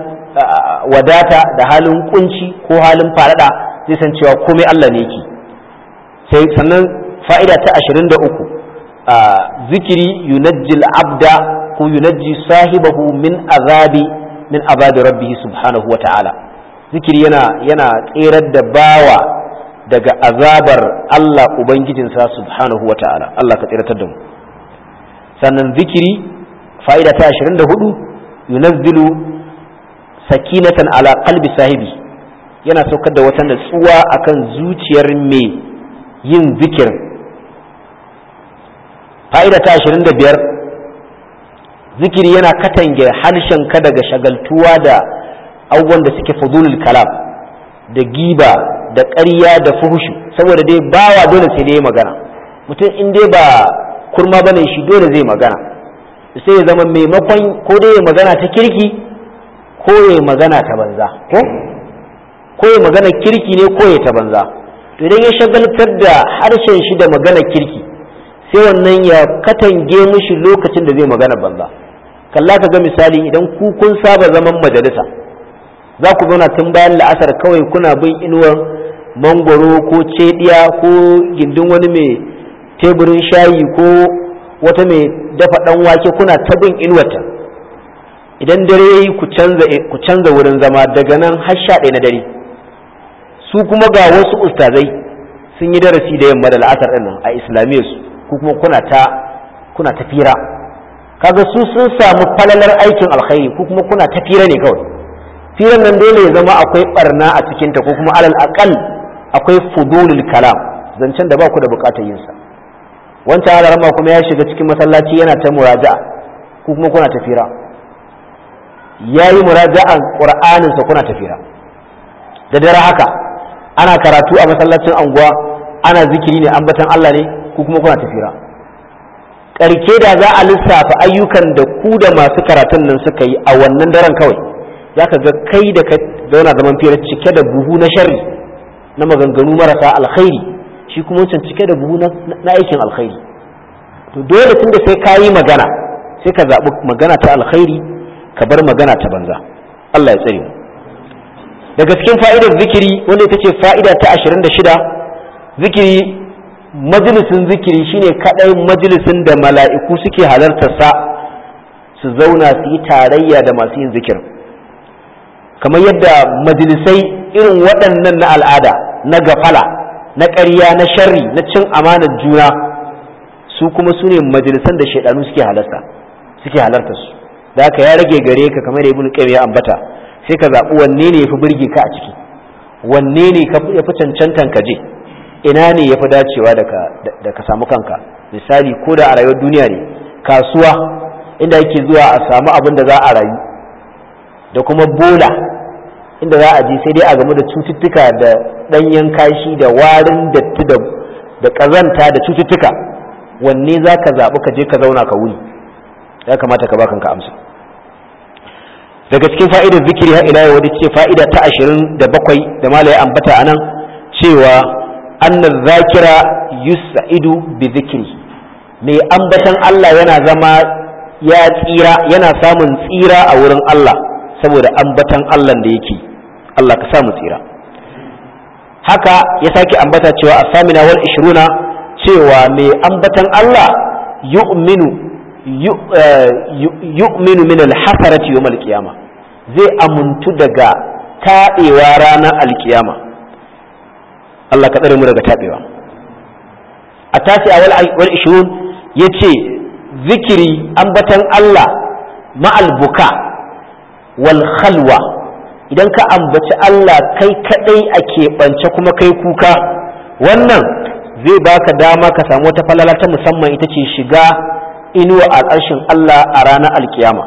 wadata da halin kunci ko halin farada zai san cewa komai Allah ne yake sai sannan fa'ida ta 23 zikiri yunajjil abda ko yunajji sahibahu min azabi min azabi rabbihi subhanahu wa ta'ala zikiri yana yana tserar da bawa daga azabar Allah Ubangijinsa subhanahu wa ta'ala Allah ka tsiratar da mu sannan zikiri fa'ida ta 24 yunazzilu sakinatan ala qalbi sahibi yana saukar da wata natsuwa akan zuciyar mai yin zikirin fa'ida ta 25 zikiri yana katange ka daga shagaltuwa da abubuwan da suke fudulul kalam da giba da ƙarya da fushu saboda dai bawa dole sai dai magana mutum in dai ba kurma bane shi dole zai magana sai ya zama maimakon ko dai ya magana ta kirki ko ya magana ta banza ko ko ya magana kirki ne ko ya ta banza to idan ya shagaltar da harshen shi da magana kirki sai wannan ya katange mishi lokacin da zai magana banza kalla ka ga misali idan ku kun saba zaman majalisa za ku zauna tun bayan la'asar kawai kuna bin inuwar mangoro ko cediya ko gindin wani mai teburin shayi ko wata mai dafa dan wake kuna tabin inwata idan dare yayi ku canza eh, ku canza wurin zama daga nan har sha ɗaya na dare su kuma ga wasu ustazai sun yi darasi da yamma da la'asar ɗin a islamiyya su ko kuma kuna ta kuna ta fira kaga su sun samu falalar aikin alkhairi ko kuma kuna ta fira ne kawai firan nan dole ya zama akwai barna a cikinta ko kuma alal aqal akwai fudulul kalam zancen da ba ku da bukatar yin sa wancan alarma kuma ya shiga cikin masallaci yana ta muraja'a ku kuma kuna tafira yayi muraja'an qur'anin sa kuna tafira da dare haka ana karatu a masallacin anguwa ana zikiri ne ambatan Allah ne ku kuma kuna tafira karke da za a lissafa ayyukan da ku da masu karatun nan suka yi a wannan daren kawai za ka ga kai da ka zauna zaman fira cike da buhu na sharri na maganganu marasa alkhairi shi kuma wancan cike da buhu na aikin alkhairi to dole tunda sai ka yi magana sai ka zaɓi magana ta alkhairi ka bar magana ta banza Allah ya tsare daga cikin fa'idar zikiri wanda ita ce fa'ida ta 26 zikiri majalisin zikiri shine kadai majalisin da mala'iku suke halartar sa su zauna su yi tarayya da masu yin zikirin kamar yadda majalisai irin waɗannan na al'ada na gafala na ƙarya na sharri na cin amanar juna su kuma su ne majalisan da shaidanu suke halarta suke halarta su da haka ya rage gare ka kamar da ibnu qayyim ya ambata sai ka zabi wanne ne yafi burge ka a ciki wanne ne ya fi cancantan ka je ina ne yafi dacewa da da ka samu kanka misali ko da a rayuwar duniya ne kasuwa inda yake zuwa a samu abin da za a rayu da kuma bola inda za a je sai dai a game da cututtuka da ɗanyen kashi da warin datti da ƙazanta da cututtuka wanne za ka zaɓi ka je ka zauna ka wuni ya kamata ka bakan ka amsa daga cikin fa'idar zikiri har ila wadda ce fa'ida ta ashirin da bakwai da malaya ambata a nan cewa annar zakira yus'idu bi zikiri mai ambatan Allah yana zama ya tsira yana samun tsira a wurin Allah saboda ambatan Allah da yake Allah ka sa mu tsira haka ya sake ambata cewa samina wal ishiruna cewa mai ambatan Allah yu'minu eh, yu'minu min al yawm al zai amuntu daga taɗewa ranar alkiyama Allah ka tsare mu daga taɗewa a tasi a wal ishirun ya ce zikiri ambatan Allah ma'albuka wal khalwa idan ka ambaci Allah kai kadai a keɓance kuma kai kuka wannan zai baka dama ka samu wata falala ta musamman ita ce shiga inuwa a ƙarshen Allah a ranar alkiyama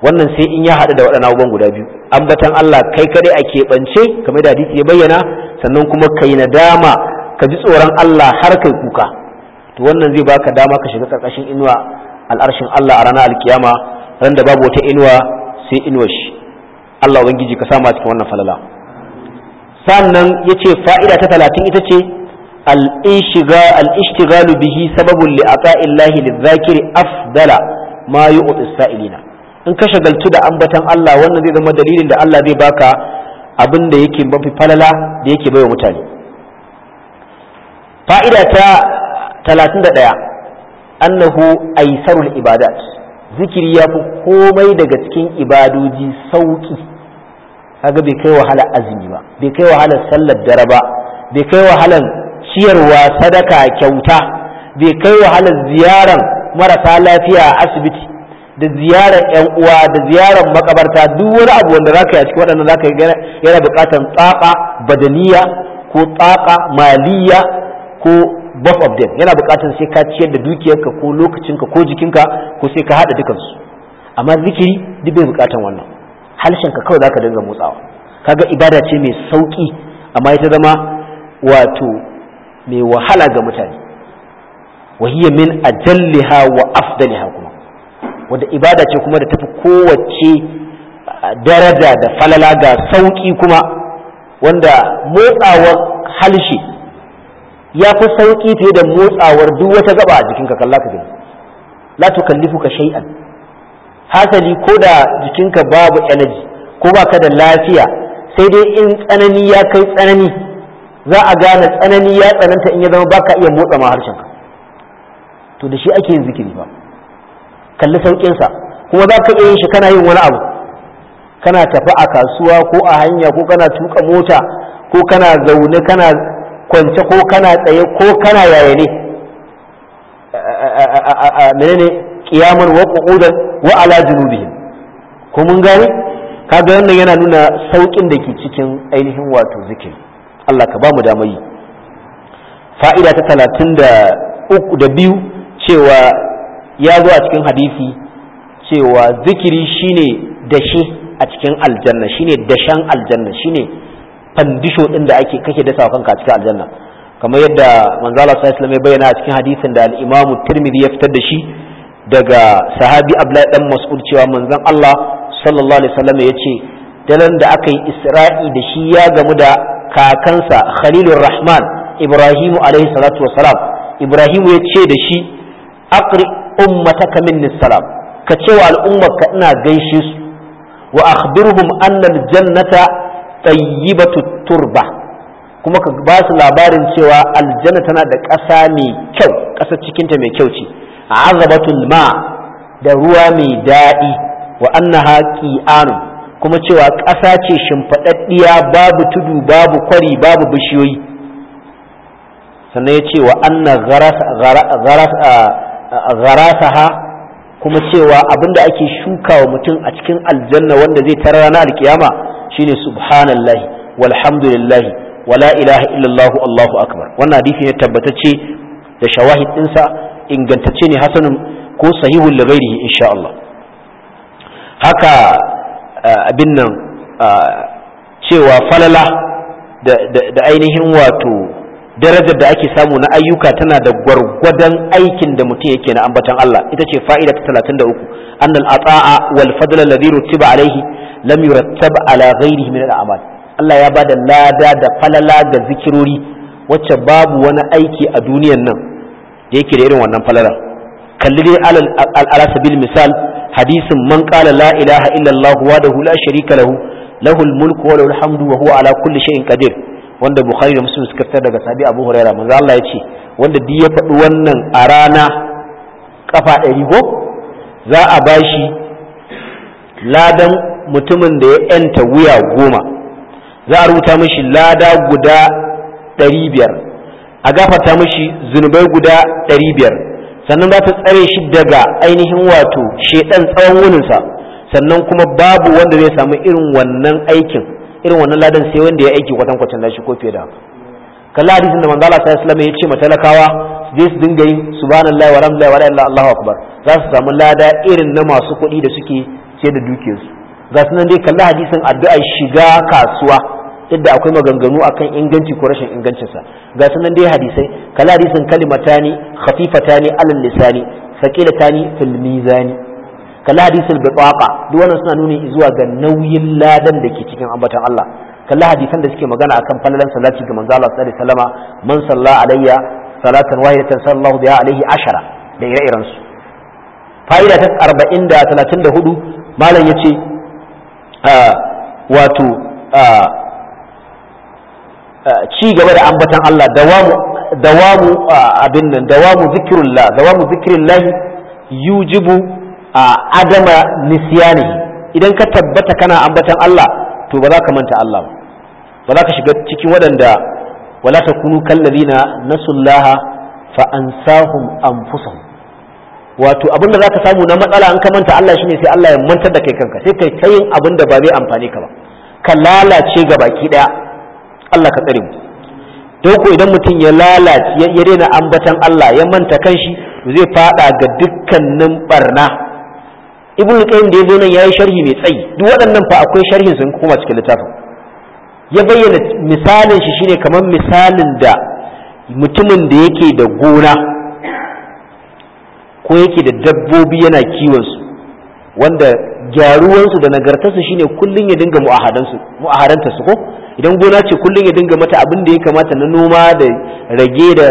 wannan sai in ya haɗu da waɗannan abubuwan guda biyu ambatan Allah kai kadai a keɓance kamar da hadisi ya bayyana sannan kuma kai nadama ka ji tsoron Allah har kai kuka to wannan zai baka dama ka shiga ƙarƙashin inuwa al'arshin Allah a ranar alkiyama ran da babu wata inuwa sai inuwa shi Allah ubangiji ka samu a cikin wannan falala sannan yace fa'ida ta talatin ita ce al bihi sababun li ata'illahi lidh-dhakiri afdala ma yu'ti sa'ilina in ka shagaltu da ambatan Allah wannan zai zama dalilin da Allah zai baka abin da yake mafi falala da yake baiwa mutane fa'ida ta ɗaya annahu aisarul ibadat zikiri ya fi komai daga cikin ibadoji sauki kaga bai kai wahala azumi ba bai kai wahalar sallar dare ba bai kai wahalar ciyarwa sadaka kyauta bai kai wahalar ziyarar marasa lafiya a asibiti da ziyarar yan uwa da ziyarar makabarta duk wani abu wanda zaka yi a cikin waɗannan zaka yi yana buƙatar tsaka badaniya ko tsaka maliya ko both of them yana buƙatar sai ka ciyar da dukiyarka ko lokacinka ko jikinka ko sai ka haɗa dukansu amma zikiri duk bai buƙatar wannan harshen ka kawai zaka dinga motsawa kaga ibada ce mai sauki amma ita zama wato mai wahala ga mutane hiya min ajalliha wa afdaliha kuma wadda ibada ce kuma da tafi kowace daraja da falala ga sauki kuma wanda motsawar halshe ya fi sauki fiye da motsawar duk wata gaba a jikinka kalla ka gani la tukallifuka shay'an hasali ko da jikinka babu energy ko baka da lafiya sai dai in tsanani ya kai tsanani za a gane tsanani ya tsananta in ya zama baka iya motsa ma harshenka to da shi ake yin zikiri ba kalli sa kuma za ka iya yin shi kana yin wani abu kana tafi a kasuwa ko a hanya ko kana tuka mota ko kana zaune kana kwance ko kana tsaye ko kana yayane menene qiyaman wa qu'udan wa ala junubihim ko mun gane kaga wannan yana nuna saukin da ke cikin ainihin wato zikiri Allah ka ba mu damar yi fa'ida ta talatin da uku da biyu cewa ya zo a cikin hadisi cewa zikiri shine dashi a cikin aljanna shine dashen aljanna shine fandisho din da ake kake dasa kanka a cikin aljanna kamar yadda manzala sallallahu alaihi wasallam ya bayyana a cikin hadisin da al-Imam Tirmidhi ya fitar da shi daga sahabi Abdullahi dan Mas'ud cewa manzon Allah sallallahu alaihi wasallam yace daren da aka yi Isra'i da shi ya gamu da kakansa Khalilur Rahman Ibrahim alaihi salatu wassalam Ibrahim ya ce da shi aqri ummataka minni salam ka ce wa al'ummarka ina gaishe su wa akhbirhum anna al-jannata tayyibatu turba kuma ka ba su labarin cewa aljanna tana da ƙasa mai kyau ƙasa cikinta mai kyau ce azabatul ma da ruwa mai daɗi wa annaha qi'anun kuma cewa ƙasa ce shimfaɗaɗɗiya babu tudu babu kwari babu bishiyoyi sannan ya ce wa anna gharasaha kuma cewa abinda ake shuka wa mutum a cikin aljanna wanda zai tara rana alkiyama shine subhanallah walhamdulillah wala ilaha illallah allahu akbar wannan hadisi ne tabbatacce da shawahid dinsa ingantacce ne hasanun ko sahihun lagairihi insha Allah haka abin nan cewa falala da ainihin wato darajar da ake samu na ayyuka tana da gwargwadon aikin da mutum yake na ambatan Allah ita ce fa'ida ta 33 annal ata'a wal fadl alladhi rutiba alayhi lam yurattab ala ghayrihi min amal Allah ya bada lada da falala ga zikirori wacce babu wani aiki a duniyan nan da yake da irin wannan falala kalli dai ala sabil misal hadisin man qala la ilaha illa allah wahdahu la sharika lahu lahul mulku wa lahul hamdu wa huwa ala kulli shay'in qadir wanda bukhari da muslim suka fitar daga sabi abu huraira manzo allah ya ce wanda duk ya faɗi wannan a rana kafa ɗari ko za a bashi ladan mutumin da ya yanta wuya goma za a rubuta mashi lada guda ɗari biyar a gafarta mishi zunubai guda ɗari biyar sannan za ta tsare shi daga ainihin wato shedan tsawon wuninsa sannan kuma babu wanda zai samu irin wannan aikin irin wannan ladan sai wanda ya aiki da shi ko fiye da haka kalla hadisin da manzo Allah sallallahu ya ce matalakawa je su dinga yin subhanallahi wa rahmatullahi wa la Allahu akbar za su samu lada irin na masu kuɗi da suke ce da dukiyarsu ga sunan dai kalla hadisin addu'a shiga kasuwa duk da akwai maganganu akan inganci ko rashin ingancinsa ga sunan dai hadisai kala hadisin kalimatani khafifatani alal lisani saqilatani fil mizani kala hadisul bitaqa duk wannan suna nuni zuwa ga nauyin ladan da ke cikin ambatan Allah kala hadisan da suke magana akan falalan salati ga manzo Allah sallallahu alaihi wasallama man salla alayya salatan wahidatan sallallahu biha alaihi ashara da ire-iren su fa'ida ta 40 da 34 malam yace ah, wato ah, ci gaba da ambatan Allah dawamu dawamu abin nan dawamu zikrullah dawamu a yujibu adama nisyani idan ka tabbata kana ambatan Allah to ba za ka manta Allah ba za ka shiga cikin waɗanda wala takunu na Sullaha fa ansahum amfusan. wato abin da ka samu na matsala an ka manta Allah ne sai Allah ya mantar da kai kanka sai kai ta yin abin da ba zai amfane ka ba ka lalace ga baki daya Allah ka tsare mu to ko idan mutum ya lalace ya daina ambatan Allah ya manta kanshi zai fada ga dukkanin barna ibn qayyim da yazo nan yayi sharhi mai tsayi duk waɗannan fa akwai sharhin sun kuma cikin littafin ya bayyana misalin shi shine kamar misalin da mutumin da yake da gona ko yake da dabbobi yana kiwon su wanda gyaruwansu da nagartarsu shine kullun ya dinga mu'ahadansu mu'aharanta su ko idan gona ce kullun ya dinga mata abin da ya kamata na noma da rage da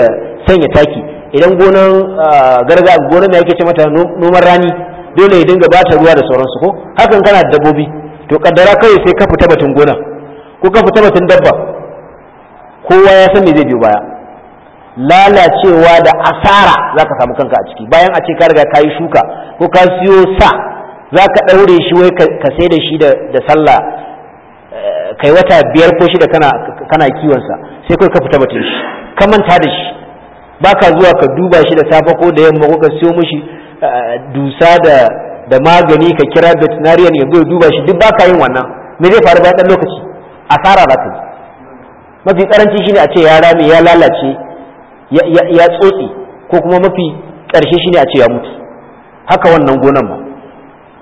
sanya taki idan gonan garga gonan da yake ce mata noman rani dole ya dinga bata ruwa da sauransu ko hakan kana da dabbobi to kaddara kai sai ka fita batun gona ko ka fita batun dabba kowa ya san me zai biyo baya lalacewa da asara zaka samu kanka a ciki bayan a ce ka riga ka shuka ko ka siyo sa za ka ɗaure shi wai ka sai da shi da sallah eh, kai wata biyar ko shida kana kana kiwonsa sai kai ka fita batun shi ka manta da shi Ba ka zuwa ka duba shi da safe ko da yamma ko ka siyo mishi eh, dusa da magani ka kira veterinarian ya zo ya duba shi duk ba ka yin wannan me zai faru bayan dan lokaci asara za ka yi mafi karanci shine a ce ya rame ya lalace ya tsotsi, ko kuma mafi ƙarshe shine a ce ya mutu haka wannan gonan ma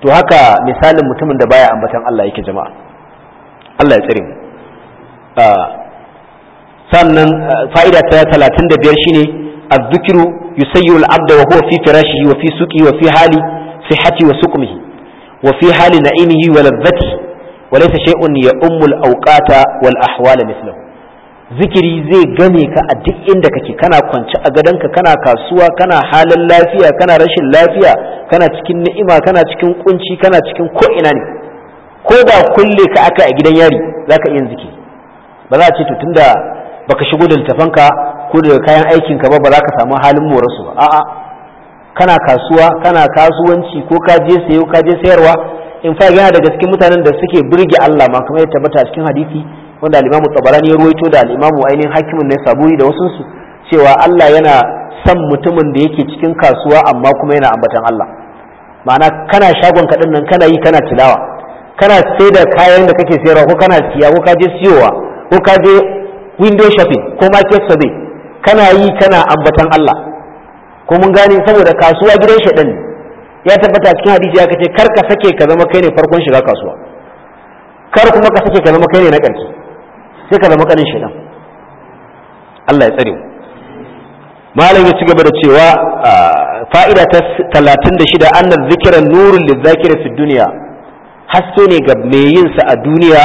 to haka misalin mutumin da baya ambatan Allah yake jama'a Allah ya tsare ah, sannan ah, fa'ida ta talatin shine biyar shine yusayyiru al-abda wa huwa fi firashihi wa fi suqihi wa fi hali sihhati wa suqmihi wa fi hali na'imihi wa ladhatihi wa laysa shay'un ya al-awqata wal ahwala zikiri zai game ka a duk inda kake kana kwance a gadonka kana kasuwa kana halin lafiya kana rashin lafiya kana cikin ni'ima kana cikin kunci kana cikin ko ina ne ko ba kulle ka aka a gidan yari zaka iya zikiri ba za a ce to tunda baka shigo da littafanka ko da kayan aikin ka ba ba za ka samu halin morasu ba a'a kana kasuwa kana kasuwanci ko ka je sayo ka je sayarwa in fa yana daga cikin mutanen da suke burge Allah ma kamar ya tabbata cikin hadisi wanda al-Imam Tabarani ya ruwaito da al-Imam ainihin Hakimin ne Saburi da wasu su cewa Allah yana son mutumin da yake cikin kasuwa amma kuma yana ambatan Allah ma'ana kana shagon kaɗan nan kana yi kana tilawa kana sai da kayan da kake sayarwa ko kana siya ko ka je siyowa ko ka je window shopping ko market survey kana yi kana ambatan Allah ko mun gane saboda kasuwa gidan shaɗan ne ya tabbata cikin hadisi ya kace kar ka sake ka zama kai ne farkon shiga kasuwa kar kuma ka sake ka zama kai ne na ƙarshe sai ka zama kanin shaidan Allah ya tsare malam ya ci gaba da cewa fa'ida ta da shida zikra nurul lizakira fi duniya haske ne ga mai yin sa a duniya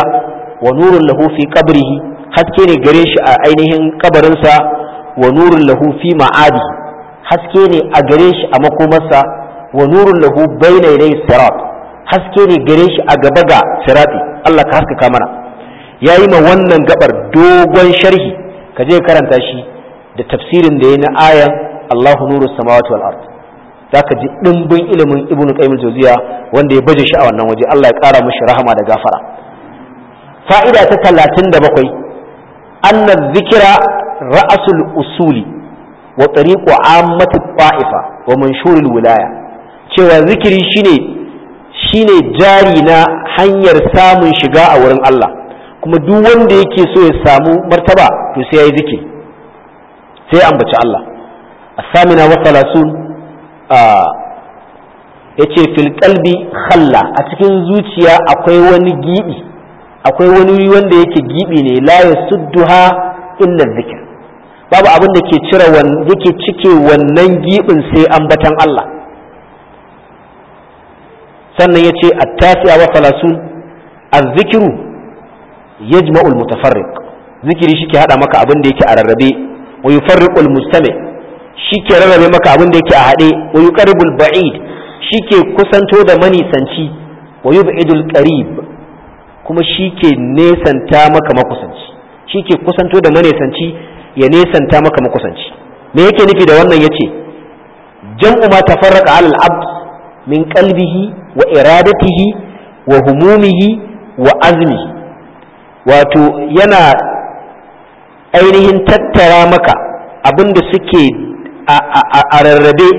wa nurun lahu fi qabrihi haske ne gare shi a ainihin kabarinsa wa nurun lahu fi ma'adi haske ne a gare shi a makomarsa wa nurun lahu bayna yadayhi sirat haske ne gare shi a gaba ga sirati Allah ka haskaka mana ya yi ma wannan gabar dogon sharhi ka je karanta shi da tafsirin da ya na ayan Allahu nuru samawati wal ard ka ji dimbin ilimin ibnu qayyim jawziya wanda ya baje shi a wannan waje Allah ya kara mishi rahama da gafara fa'ida ta 37 anna dhikra ra'sul usuli wa tariqu ammatu ta'ifa wa manshurul wilaya cewa zikiri shine shine jari na hanyar samun shiga a wurin Allah kuma duk wanda yake so ya samu martaba to sai yayi zikir sai ambaci Allah asamina wa salasun yace fil qalbi khalla a cikin zuciya akwai wani gibi akwai wani wanda yake gibi ne la yasudduha illa zikr babu abin da ke cire yake cike wannan gibin sai ambatan Allah sannan yace at-tasi'a wa salasun az-zikru yajma'ul mutafarriq zikiri shike hada maka abin da yake a rarrabe wa yufarriqul mustami shike rarrabe maka abin da yake a hade wa yuqribul ba'id shike kusanto da manisanci wa yub'idul qarib kuma shike nesanta maka makusanci shike kusanto da manisanci ya nesanta maka makusanci me yake nufi da wannan yace jam'u ma tafarraqa alal abd min qalbihi wa iradatihi wa humumihi wa azmihi wato yana ainihin tattara maka abin da suke a rarrabe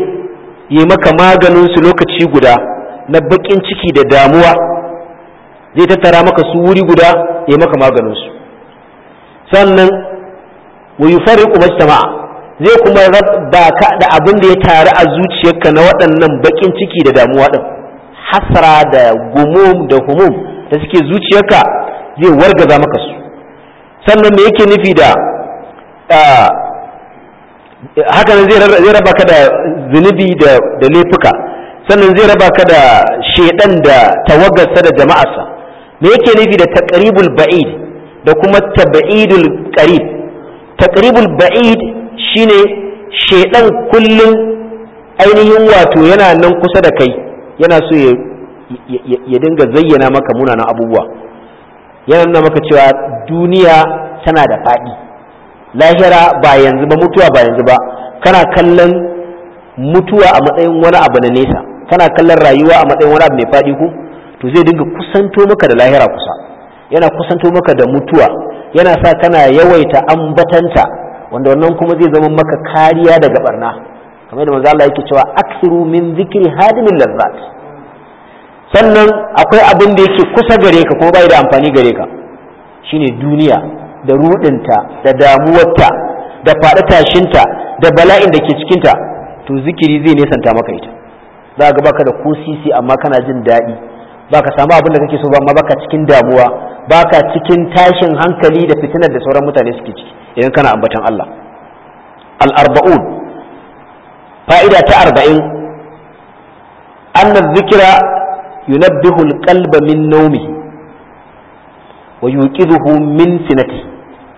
yi maka maganinsu lokaci guda na baƙin ciki da damuwa zai tattara maka su wuri guda yi maka maganinsu sannan wuyi kuma majtama'a zai kuma raba ka da abin da ya taru a zuciyarka na waɗannan baƙin ciki da damuwa ɗin hasra da gumum da humum da suke zuciyarka zai wargaza maka su sannan me yake nufi da haka nan zai raba ka da zunubi da laifuka sannan zai raba ka da shaiɗan da tawagarsa da jama'arsa me yake nufi da taqribul ba'id da kuma tab'idul qarib taqribul ba'id shine shaidan kullun ainihin wato yana nan kusa da kai yana so ya dinga zayyana maka munanan abubuwa yana nuna maka cewa duniya tana da faɗi lahira ba yanzu ba mutuwa ba yanzu ba kana kallon mutuwa a matsayin wani abu na nesa kana kallon rayuwa a matsayin wani abu mai faɗi ko to zai dinga kusanto maka da lahira kusa yana kusanto maka da mutuwa yana sa kana yawaita ambatanta wanda wannan kuma zai zama maka kariya daga barna kamar da manzo Allah yake cewa aksiru min zikri hadimil lazzat sannan akwai abin da yake kusa gare ka ko bai da amfani gare ka shine duniya da rudinta da damuwarta da faɗi tashinta da bala'in da ke cikinta to zikiri zai nesanta maka ita za ga baka da kusisi amma kana jin daɗi baka samu abin da kake so ba amma baka cikin damuwa baka cikin tashin hankali da fitinar da sauran mutane suke ciki idan kana ambatan Allah al-arba'un fa'ida ta arba'in anna zikira yunabbihu alqalba min nawmihi wa yuqiduhu min sinati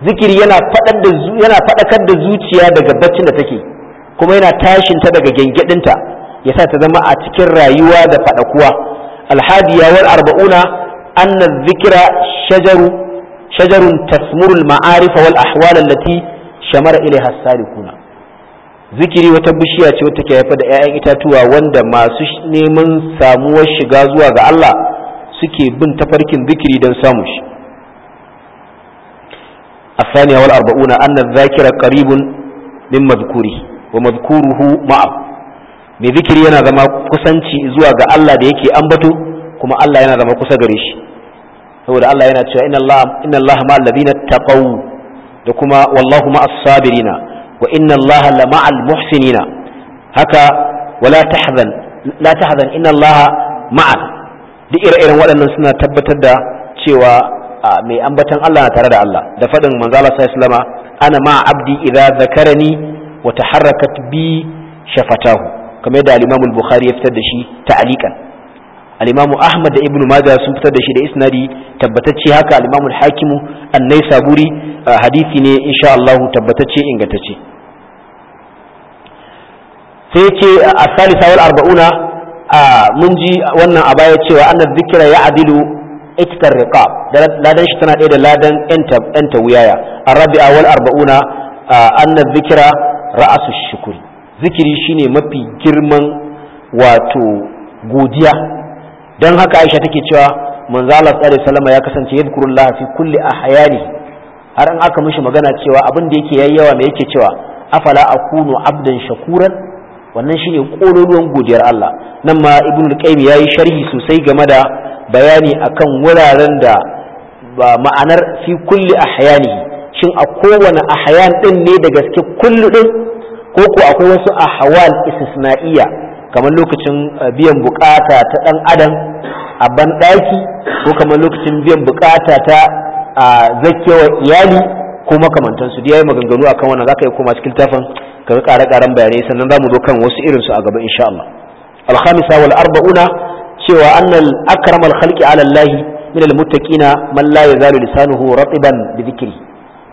zikiri yana fadar da fadakar da zuciya daga baccin da take kuma yana tashin ta daga gengedinta ya sa ta zama a cikin rayuwa da fadakuwa alhadiya wal arba'una anna dhikra shajaru shajarun tasmurul al ma'arif wal ahwal allati shamara ilaiha as-salikuna zikiri wata bishiya ce wata ke haifar da 'ya'yan itatuwa wanda masu neman samuwar shiga zuwa ga Allah suke bin tafarkin zikiri don samu shi الثانية والأربعون أن الذاكر قريب من مذكوره ومذكوره معه mai zikiri yana zama kusanci zuwa ga Allah da yake ambato kuma Allah yana zama kusa gare shi saboda Allah yana cewa inna Allah ma alladhina taqaw da kuma wallahu ma as-sabirina wa inna allaha la ma'al muhsinina haka wala la tahzan inna allaha ma'al duk ire-iren waɗannan suna tabbatar da cewa mai ambatan Allah na tare da Allah da faɗin manzo Allah sallallahu ana ma abdi idza zakarani wata taharrakat bi shafatahu kamar yadda al-Imam ya fitar da shi ta al-Imam Ahmad da Ibnu Majah sun fitar da shi da isnadi tabbatacce haka al-Imam al-Hakim an-Naisaburi hadisi ne inshaAllahu Allah tabbatacce ingantacce sai ce a salisa wal arba'una mun ji wannan a baya cewa anna zikira ya adilu itkar riqab ladan shi tana ɗaya da ladan yanta wuyaya rabi'a wal arba'una anna zikira ra'asu shukuri zikiri shine mafi girman wato godiya dan haka Aisha take cewa manzo Allah sallallahu alaihi wasallam ya kasance yadhkurullah fi kulli ahyani har an aka mishi magana cewa abin da yake yayyawa me yake cewa afala akunu abdan shakuran wannan shi ne kololuwan godiyar Allah nan ma ibn al-qayyim yi sharhi sosai game da bayani akan wuraren da ma'anar fi kulli ahyani shin a kowane ahyan din ne da gaske kullu din ko ko akwai wasu ahwal istisna'iya kamar lokacin eh, biyan bukata ta dan adam a ban daki ko kamar lokacin biyan bukata ta ah, zakewa iyali ko makamantansu da yayi maganganu akan wannan zaka yi koma cikin tafin ka ga bayanai sannan zamu zo kan wasu irin su a gaba insha Allah al-khamisa wal arba'una cewa annal akramal khalqi ala Allah min al-muttaqina man la yazalu lisanuhu ratiban bi dhikri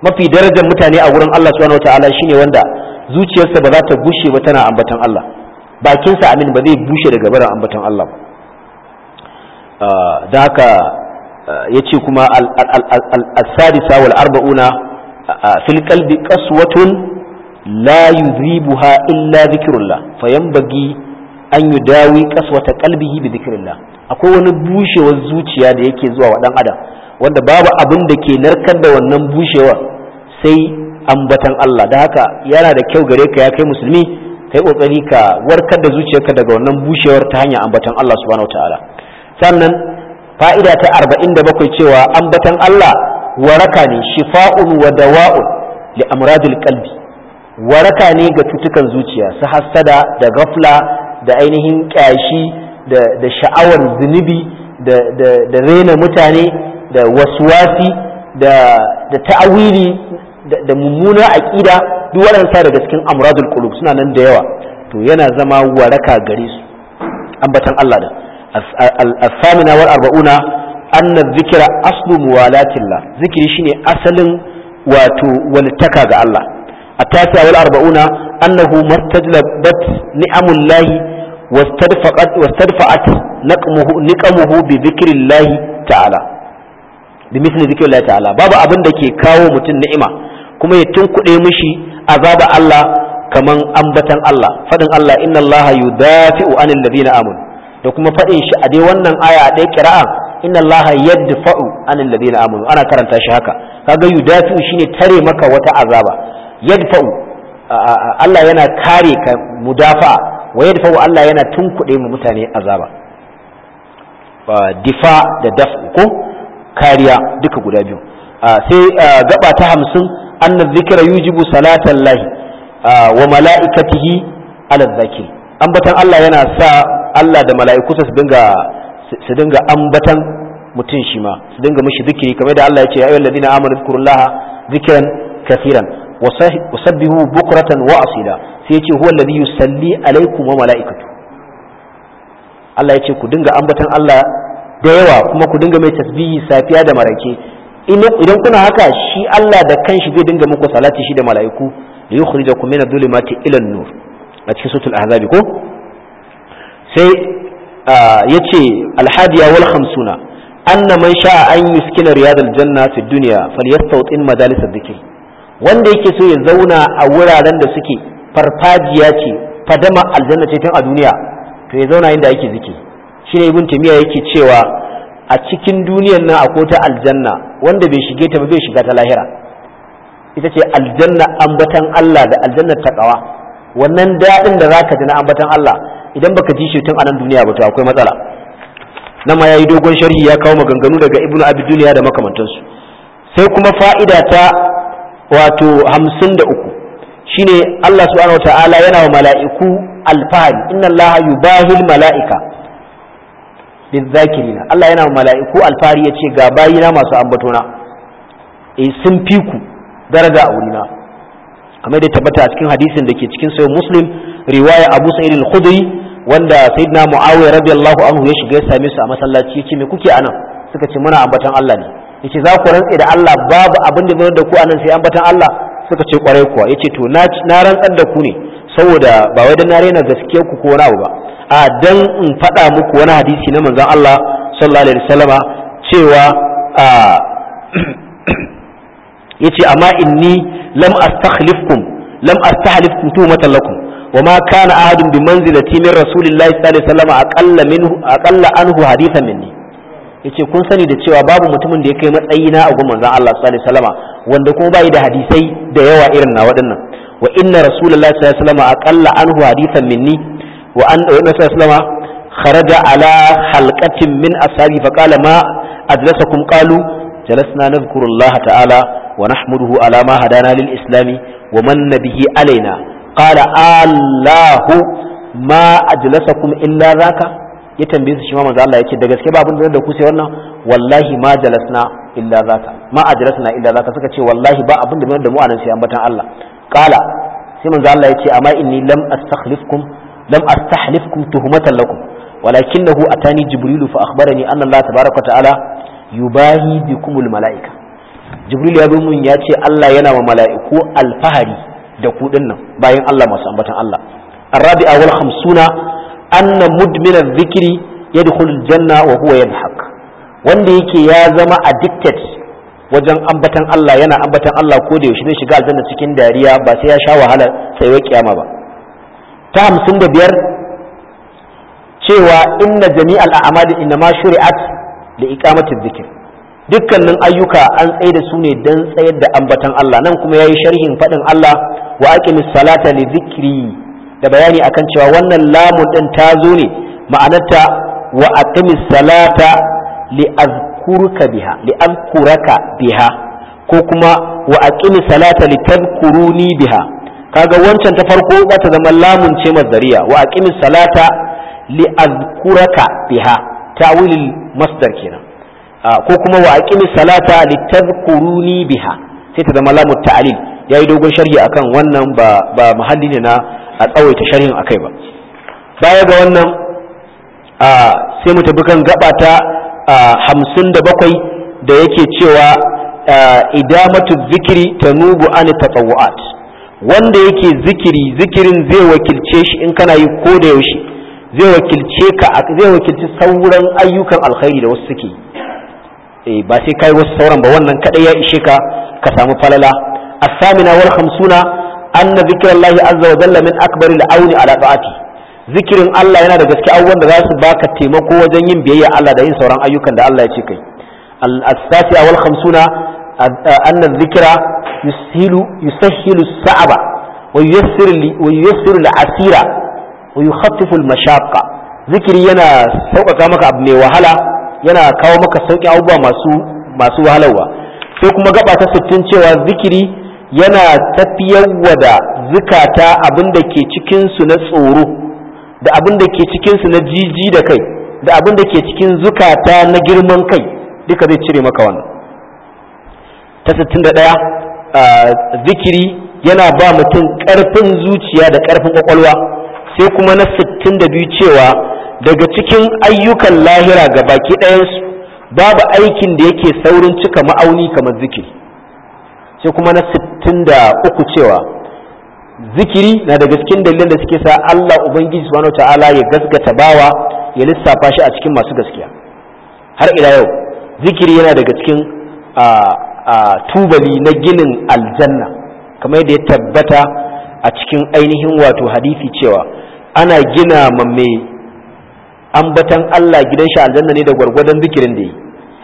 mafi darajar mutane a wurin Allah subhanahu wataala shine wanda zuciyarsa ba za ta bushe ba tana ambaton Allah bakinsa amin ba zai bushe daga barin ambaton Allah ba ah, da haka ah, ce kuma al-sadisa wal arba'una fil qalbi qaswatun la yudhibuha illa dhikrullah fayanbaghi an yudawi qaswata qalbihi bi dhikrillah akwai wani bushewar zuciya da yake zuwa wa dan adam wanda babu abin da ke narkar da wannan bushewar sai ambatan Allah da haka yana da kyau gare ka ya kai musulmi kai kokari ka warkar da zuciyarka daga wannan bushewar ta hanyar ambatan Allah subhanahu wataala sannan fa'ida ta 47 cewa ambatan Allah waraka ne shifa'un wa dawa'un li amradil qalbi waraka ne ga cutukan zuciya su hassada da gafla da ainihin kyashi da da sha'awar zunubi da da da rena mutane da waswasi da da ta'awili da mummuna aƙida duk waɗansa daga cikin amradul qulub suna nan da yawa to yana zama waraka gare su ambatan Allah da as-samina wal arba'una anna zikira aslu muwalatillah zikiri shine asalin wato waltaka ga Allah التاسعة والأربعون أنه ما استجلبت نعم الله واستدفقت واستدفعت نقمه نقمه بذكر الله تعالى بمثل ذكر الله تعالى بابا أبن دكي كاو متن نعمة كما يتنكد يمشي عذاب الله كمن أنبتن الله فدن الله إن الله يدافع عن الذين آمنوا da kuma faɗin shi a dai wannan aya a ɗaya kira'a inna allaha yadfa'u anil ladina amanu ana karanta shi haka kaga yudafi shine tare maka wata azaba yadfa'u Allah yana kare ka mudafa wa yadfa'u Allah yana tunkuɗe mu mutane azaba difa da daf'u ko kariya duka guda biyu sai gaba ta hamsin anna dhikra yujibu salatan lahi wa mala'ikatihi ala an batar Allah yana sa Allah da mala'iku su dinga su dinga ambatan mutum shi ma su dinga mishi zikiri kamar da Allah ya ce ayyuhal ladina amanu zkurullaha zikran kaseeran wasabbihu bukratan wa asila sai ya ce huwa alladhi yusalli alaikum wa malaikatu Allah ya ce ku dinga ambatan Allah da yawa kuma ku dinga mai tasbihi safiya da marake idan kuna haka shi Allah da kanshi zai dinga muku salati shi da mala'iku da yukhrijakum min adh-dhulumati ila an-nur a cikin suratul ahzab ko sai ce alhadiya wal khamsuna anna man sha'a an yuskina riyadal janna fi dunya falyastawtin majalis dhikr wanda yake so ya zauna a wuraren da suke farfajiya ce fadama aljanna ce tun a duniya to ya zauna inda yake zikiri shine ibn tamiya yake cewa a cikin duniyar nan akwai ta aljanna wanda bai shige ta ba bai shiga ta lahira ita ce aljanna ambatan Allah da aljannar kawa wannan daɗin da zaka ji na ambatan Allah idan baka ji shi tun a nan duniya ba to akwai matsala nan ma yayi dogon sharhi ya kawo maganganu daga ibnu abi duniya da makamantansu sai kuma fa'ida ta wato 53 shine Allah subhanahu ta'ala yana wa mala'iku alfahari inna Allah yubahil mala'ika bizakirina Allah yana wa mala'iku alfahari yace ga bayina masu ambatona e sun fi ku daraja a wurina kamar da tabbata a cikin hadisin da ke cikin sayo muslim riwaya Abu Sa'id al-Khudri wanda Sayyidina Muawiya radiyallahu anhu ya shiga ya same su a masallaci yace me kuke anan suka ce muna ambatan Allah ne yace za ku rantse da Allah babu abin da zai da ku anan sai ambatan Allah suka ce kwarai kuwa yace to na na rantsar da ku ne saboda ba wai dan na rena gaskiyar ku ko rawu ba a dan in faɗa muku wani hadisi na manzon Allah sallallahu alaihi wasallama cewa a *clears throat* yace amma inni lam astakhlifkum lam astahlifkum tu matallakum wa ma kana ahadun bi manzilati min rasulillahi sallallahu alaihi wasallam aqalla minhu aqalla anhu hadithan minni yace kun sani da cewa babu mutumin da ya kai matsayi na a gumin Allah sallallahu alaihi wasallam wanda kuma bai da hadisai da yawa irin na waɗannan wa inna rasulullahi sallallahu alaihi wasallam aqalla anhu hadithan minni wa an wa sallallahu kharaja ala halqatin min ashabi fa qala ma ajlasakum qalu jalasna nadhkuru Allah ta'ala wa nahmuduhu ala ma hadana lil islami wa manna bihi alaina qala allahu ma ajlasakum illa zaka ya tambaye su shi ma manzo Allah yake da gaske ba abin da da ku sai wannan wallahi ma jalasna illa zaka ma ajlasna illa zaka suka ce wallahi ba abin da da mu anan sai ambatan Allah qala sai manzo Allah yace amma inni lam astakhlifkum lam astahlifkum tuhmatan lakum walakinahu atani jibrilu fa akhbarani anna Allah tabaaraka wa ta'ala yubahi bikumul malaika jibril ya zo mun ya ce Allah yana ma mala'iku alfahari da kuɗin nan bayan Allah masu ambatan Allah arabi'a wal khamsuna anna mudmina dhikri yadkhulu janna wa huwa yadhhak wanda yake ya zama addicted wajen ambatan Allah yana ambatan Allah ko da yaushe zai shiga aljanna cikin dariya ba sai ya sha wahala sai wa kiyama ba ta hamsin da biyar cewa inna jami'al a'mali innama shuri'at da iqamati dhikr dukkanin ayyuka an tsaye da su ne dan tsayar da ambatan Allah nan kuma ya yi sharhin faɗin Allah wa aqimis salata li dhikri da bayani akan cewa wannan lamun din ta zo ne ma'anarta wa aqimis salata li azkurka biha li azkuraka biha ko kuma wa aqimis salata li tadhkuruni biha kaga wancan ta farko za ta zama lamun ce mazdariya wa aqimis salata li azkuraka biha ta'wilil masdar kenan ko kuma wa aqimis salata li tadhkuruni biha sai ta zama lamun ta'lil ya yi dogon sharhi akan wannan ba ba muhalli ne na a tsawaita sharhin akai ba baya ga wannan sai mu tafi kan gaba ta hamsin da bakwai da yake cewa idamatu zikiri tanubu an tatawu'at wanda yake zikiri zikirin zai wakilce shi in kana yi ko da yaushe zai wakilce ka zai wakilci sauran ayyukan alkhairi da wasu suke eh, ba sai kai wasu sauran ba wannan kadai ya ishe ka ka samu falala الثامنة والخمسونة أن ذكر الله عز وجل من أكبر العون على طاعته ذكر الله yana da gaske abubuwan da za su baka taimako wajen yin biyayya Allah da yin sauran ayyukan da Allah ya ce kai al-asasiya wal khamsuna anna dhikra yushilu yusahhilu as-sa'aba wa yuyassiru wa yuyassiru asira wa yukhaffifu al-mashaqqa zikiri yana sauƙaƙa maka abu mai wahala yana kawo maka sauƙi abubuwa masu masu wahalarwa sai kuma gaba ta 60 cewa zikiri yana tafiyarwa da zukata abin da ke cikinsu na tsoro da abin da ke cikinsu na jiji da kai da abin da ke cikin zukata na girman kai duka zai cire maka wannan ta 61 zikiri yana ba mutum ƙarfin zuciya da ƙarfin ƙwaƙwalwa sai kuma na 62 cewa daga cikin ayyukan lahira ga baki ɗayansu babu aikin da yake saurin cika ma'auni kamar zikiri sai kuma na 63 cewa zikiri na daga cikin dalilan da suke sa Allah ubangiji subhanahu ta'ala ya gaskata bawa ya lissafa shi a cikin masu gaskiya har ila yau zikiri yana daga cikin tubali na ginin aljanna kamar yadda ya tabbata a cikin ainihin wato hadisi cewa ana gina mamme mai ambatan Allah gidan shi aljanna ne da gwargwadon zikirin da yi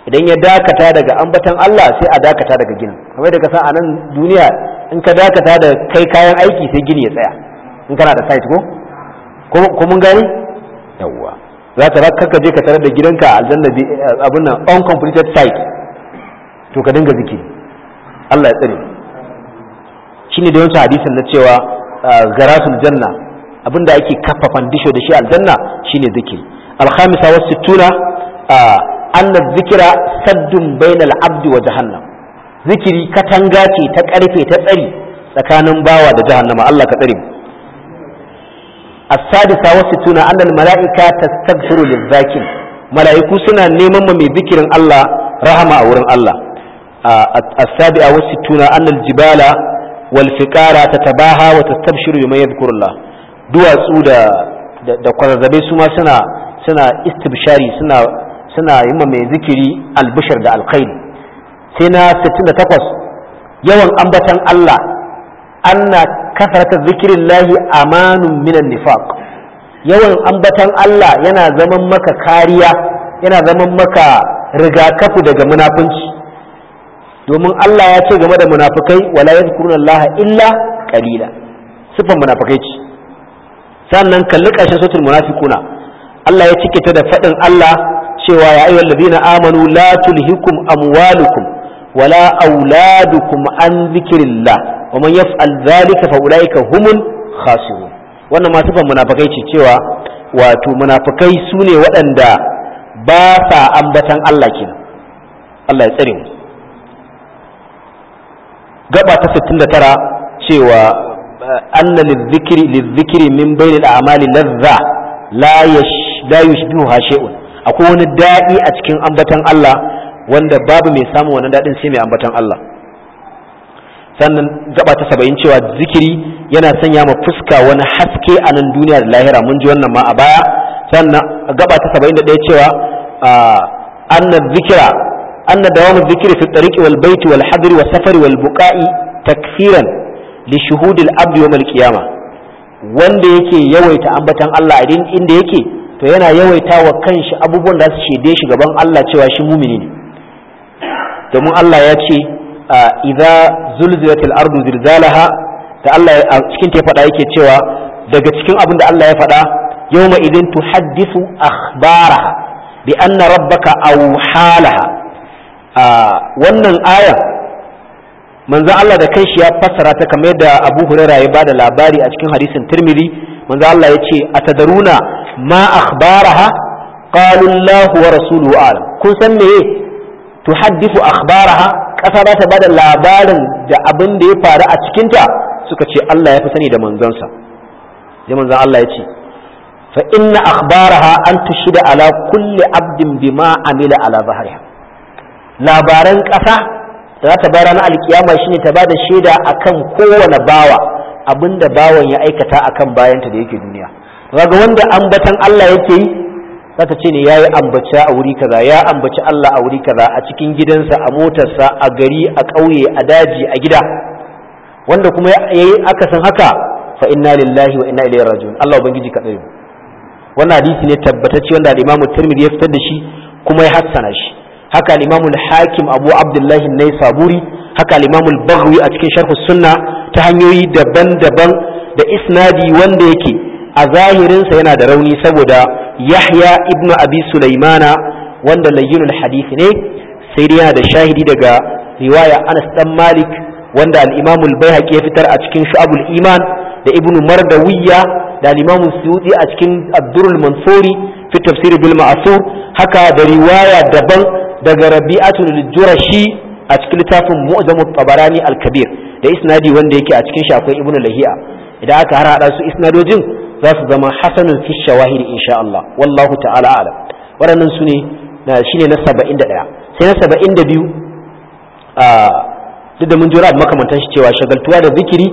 idan ya dakata daga ambatan Allah sai a dakata daga ginin kamar daga sa a nan duniya in ka dakata da kai kayan aiki sai gini ya tsaya in kana da site ko ko mun gani yawwa za ka ka je ka tarar da gidanka a aljanna abin nan completed site to ka dinga zikiri Allah ya tsare shine da wancan hadisin na cewa garasul janna abinda ake kafa fandisho da shi aljanna shine zikiri alkhamisa was sittuna anna zikira saddun bainal abdi wa jahannam zikiri katanga ce ta karfe ta tsari tsakanin bawa da jahannama Allah ka tsare as-sadisa wa sittuna annal mala'ika tastaghfiru liz-zakin mala'iku suna neman mai zikirin Allah rahama a wurin Allah as a wa sittuna annal jibala wal fiqara tatabaha wa tastabshiru bima yadhkurullah duwatsu da da kwazazzabe su ma suna suna istibshari suna suna yi ma mai zikiri albishir da alkhairi sai na 68 yawan ambatan Allah anna kasarata zikirin lahi amanun minan nifaq yawan ambatan Allah yana zaman maka kariya yana zaman maka rigakafi daga munafunci domin Allah ya ce game da munafukai wala yadhkuruna Allah illa qalila sifan munafukai ce sannan kalli ƙarshen sautul munafiquna Allah ya cike ta da faɗin Allah cewa ya ayyuhal ladina amanu la tulhikum amwalukum wala auladukum an dhikrillah wa man yaf'al dhalika fa ulaika humul khasirun wannan ma sifan munafikai ce cewa wato munafikai sune waɗanda ba sa ambatan Allah kenan Allah ya tsare mu gaba ta 69 cewa anna lidhikri lidhikri min bainil a'mali ladha la yash la yushbihuha shay'un akwai wani daɗi a cikin ambatan Allah wanda babu mai samun wannan daɗin sai mai ambatan Allah sannan gaba ta saba'in cewa zikiri yana sanya ma fuska wani haske a nan duniya da lahira mun ji wannan ma a baya sannan gaba ta saba'in da ɗaya cewa anna zikira anna dawamu zikiri fi tariqi wal baiti wal hadri wal safari wal buqa'i takfiran li shuhudil abdi yawm al qiyamah wanda yake yawaita ambatan Allah a inda yake to yana yawaita wa kanshi abubuwan da su shaide shi gaban Allah cewa shi mumini ne domin Allah ya ce idza zulzilatil ardu zilzalaha ta Allah cikin ta faɗa yake cewa daga cikin abin da Allah ya faɗa yawma idin tuhaddisu akhbaraha bi anna rabbaka awhalaha wannan aya manzo Allah da kanshi ya fassara ta kamar yadda Abu Hurairah ya bada labari a cikin hadisin Tirmidhi manzo Allah ya ce atadaruna ma akhbaraha qalu Allah wa rasuluhu alam kun san meye tuhaddifu akhbaraha kasa za ta bada labarin da abin da ya faru a cikinta suka ce Allah ya fi sani da manzonsa ya manzon Allah ya ce fa inna akhbaraha an tushida ala kulli abdin bima amila ala zahriha labaran kasa da za ta bayar ranar alkiyama shine ta bada shaida akan kowane bawa abinda bawan ya aikata akan bayanta da yake duniya Raga wanda ambatan Allah yake yi zaka ce ne yi ambaci a wuri kaza ya ambaci Allah a wuri kaza a cikin gidansa a motarsa a gari a ƙauye a daji a gida wanda kuma ya yi akasin haka fa inna lillahi wa inna ilaihi raji'un Allah ubangiji ka tsare wannan hadisi ne tabbatacce wanda al-Imam Tirmidhi ya fitar da shi kuma ya hassana shi haka al-Imam hakim Abu Abdullahi an-Naisaburi haka al-Imam al a cikin Sharh sunna ta hanyoyi daban-daban da isnadi wanda yake a zahirinsa yana da rauni saboda yahya ibn abi sulaimana wanda layyunul hadith ne sai dai yana da shahidi daga riwaya anas dan malik wanda al-imam al ya fitar a cikin shu'abul iman da ibnu mardawiyya da al-imam suyuti a cikin abdurul mansuri fi tafsir bil ma'thur haka da riwaya daban daga rabi'atul jurashi a cikin littafin mu'jamut tabarani al-kabir da isnadi wanda yake a cikin shi akwai ibnu lahiya idan aka har hada su isnadojin za su zama hasanun fi shawahid insha Allah wallahu ta'ala alam waɗannan su ne na shine na 71 sai na 72 a duk da mun jira da makamantan shi cewa shagaltuwa da zikiri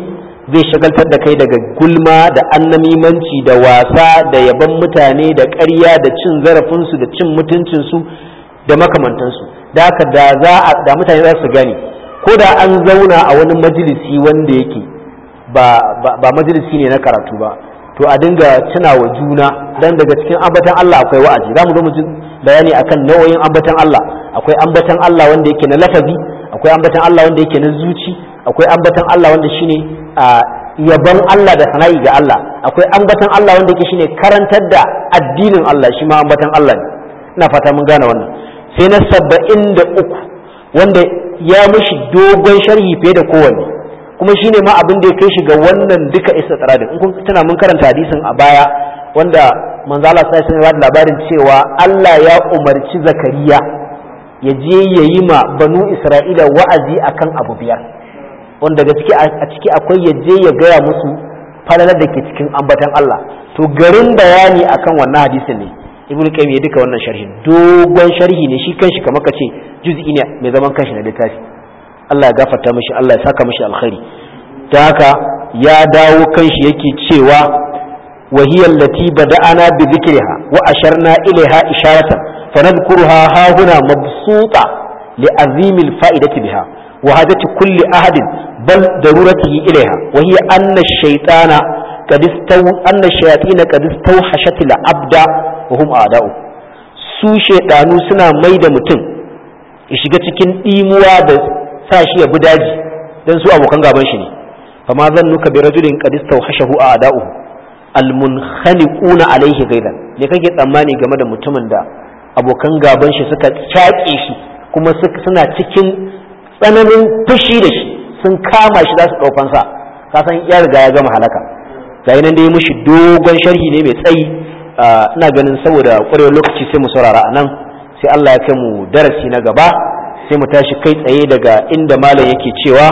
zai shagaltar da kai daga gulma da annamimanci da wasa da yaban mutane da ƙarya da cin zarafinsu da cin mutuncinsu da makamantansu da haka da za da mutane za su gane ko da an zauna a wani majalisi wanda yake ba ba majalisi ne na karatu ba to a dinga tuna wa juna dan daga cikin ambatan Allah akwai wa'azi za mu zo mu ji bayani akan nau'o'in ambatan Allah akwai ambatan Allah wanda yake na lafazi akwai ambatan Allah wanda yake na zuci akwai ambatan Allah wanda shine yabon Allah da sana'i ga Allah akwai ambatan Allah wanda yake shine karantar da addinin Allah shi ma ambatan Allah ne ina fata mun gane wannan sai na saba'in da uku wanda ya mishi dogon sharhi fiye da kowanne kuma shine ma abin da ya kai shi ga wannan duka tsaradin in kun tana mun karanta hadisin a baya wanda manzo Allah sai da labarin cewa Allah ya umarci Zakariya ya je ya yi ma banu Isra'ila wa'azi akan abu biyar wanda daga ciki a ciki akwai ya je ya gaya musu falalar da ke cikin ambatan Allah to garin bayani akan wannan hadisin ne ibn qayyim ya duka wannan sharhi dogon sharhi ne shi kanshi kamar kace juz'i ne mai zaman kanshi na littafi Allah ya gafarta mishi Allah ya saka mishi alkhairi ta haka ya dawo kanshi yake cewa wahiyar lati bada'ana bi zikriha wa asharna ilaiha isharatan fa nadhkuruha ha huna mabsuta li azimil fa'idati biha wa hajati kulli ahadin bal daruratihi ilaiha wa hiya anna ash-shaytana qad istaw anna ash-shayatin qad istawhashat al-abda wa hum a'da'u su shaytanu suna maida mutum ya shiga cikin dimuwa da sa shi ya bi daji dan su abokan gaban shi ne zan nuka bi rajulin qad istawhashahu a'da'uhu almunkhaniquna alayhi ghaidan me kake tsammani game da mutumin da abokan gaban shi suka caƙe shi kuma suna cikin tsananin fushi da shi sun kama shi za su ɗaukan sa ka san ya riga ya gama halaka ga nan dai mushi dogon sharhi ne mai tsayi ina ganin saboda ƙwarewar lokaci sai mu saurara a nan sai Allah ya kai mu darasi na gaba sai mu tashi kai tsaye daga inda malam yake cewa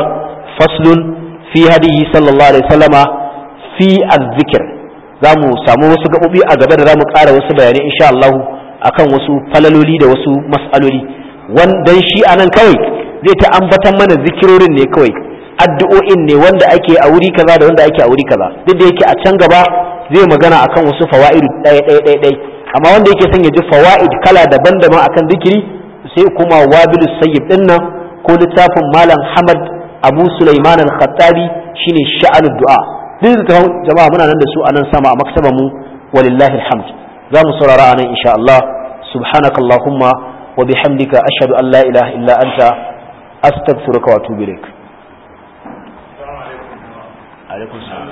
faslun fi hadihi sallallahu alaihi wasallama fi azzikir za mu samu wasu gaɓoɓi a gaba da za mu ƙara wasu bayanai insha Allah akan wasu falaloli da wasu mas'aloli wanda shi a nan kawai zai ta ambatan mana zikirorin ne kawai addu'o'in ne wanda ake a wuri kaza da wanda ake a wuri kaza duk da yake a can gaba zai magana akan wasu fawa'idu ɗaya ɗaya ɗaya amma wanda yake son ya ji fawa'id kala daban-daban akan zikiri sai kuma wabil sayyib din ko littafin malam hamad abu sulaiman al-khattabi shine sha'anud du'a duk da jama'a muna nan da su a nan sama a maktaba mu walillahi alhamd za mu saurara anan nan insha Allah subhanakallahumma wa bihamdika ashhadu an la ilaha illa anta astaghfiruka wa atubu ilaik alaikum salam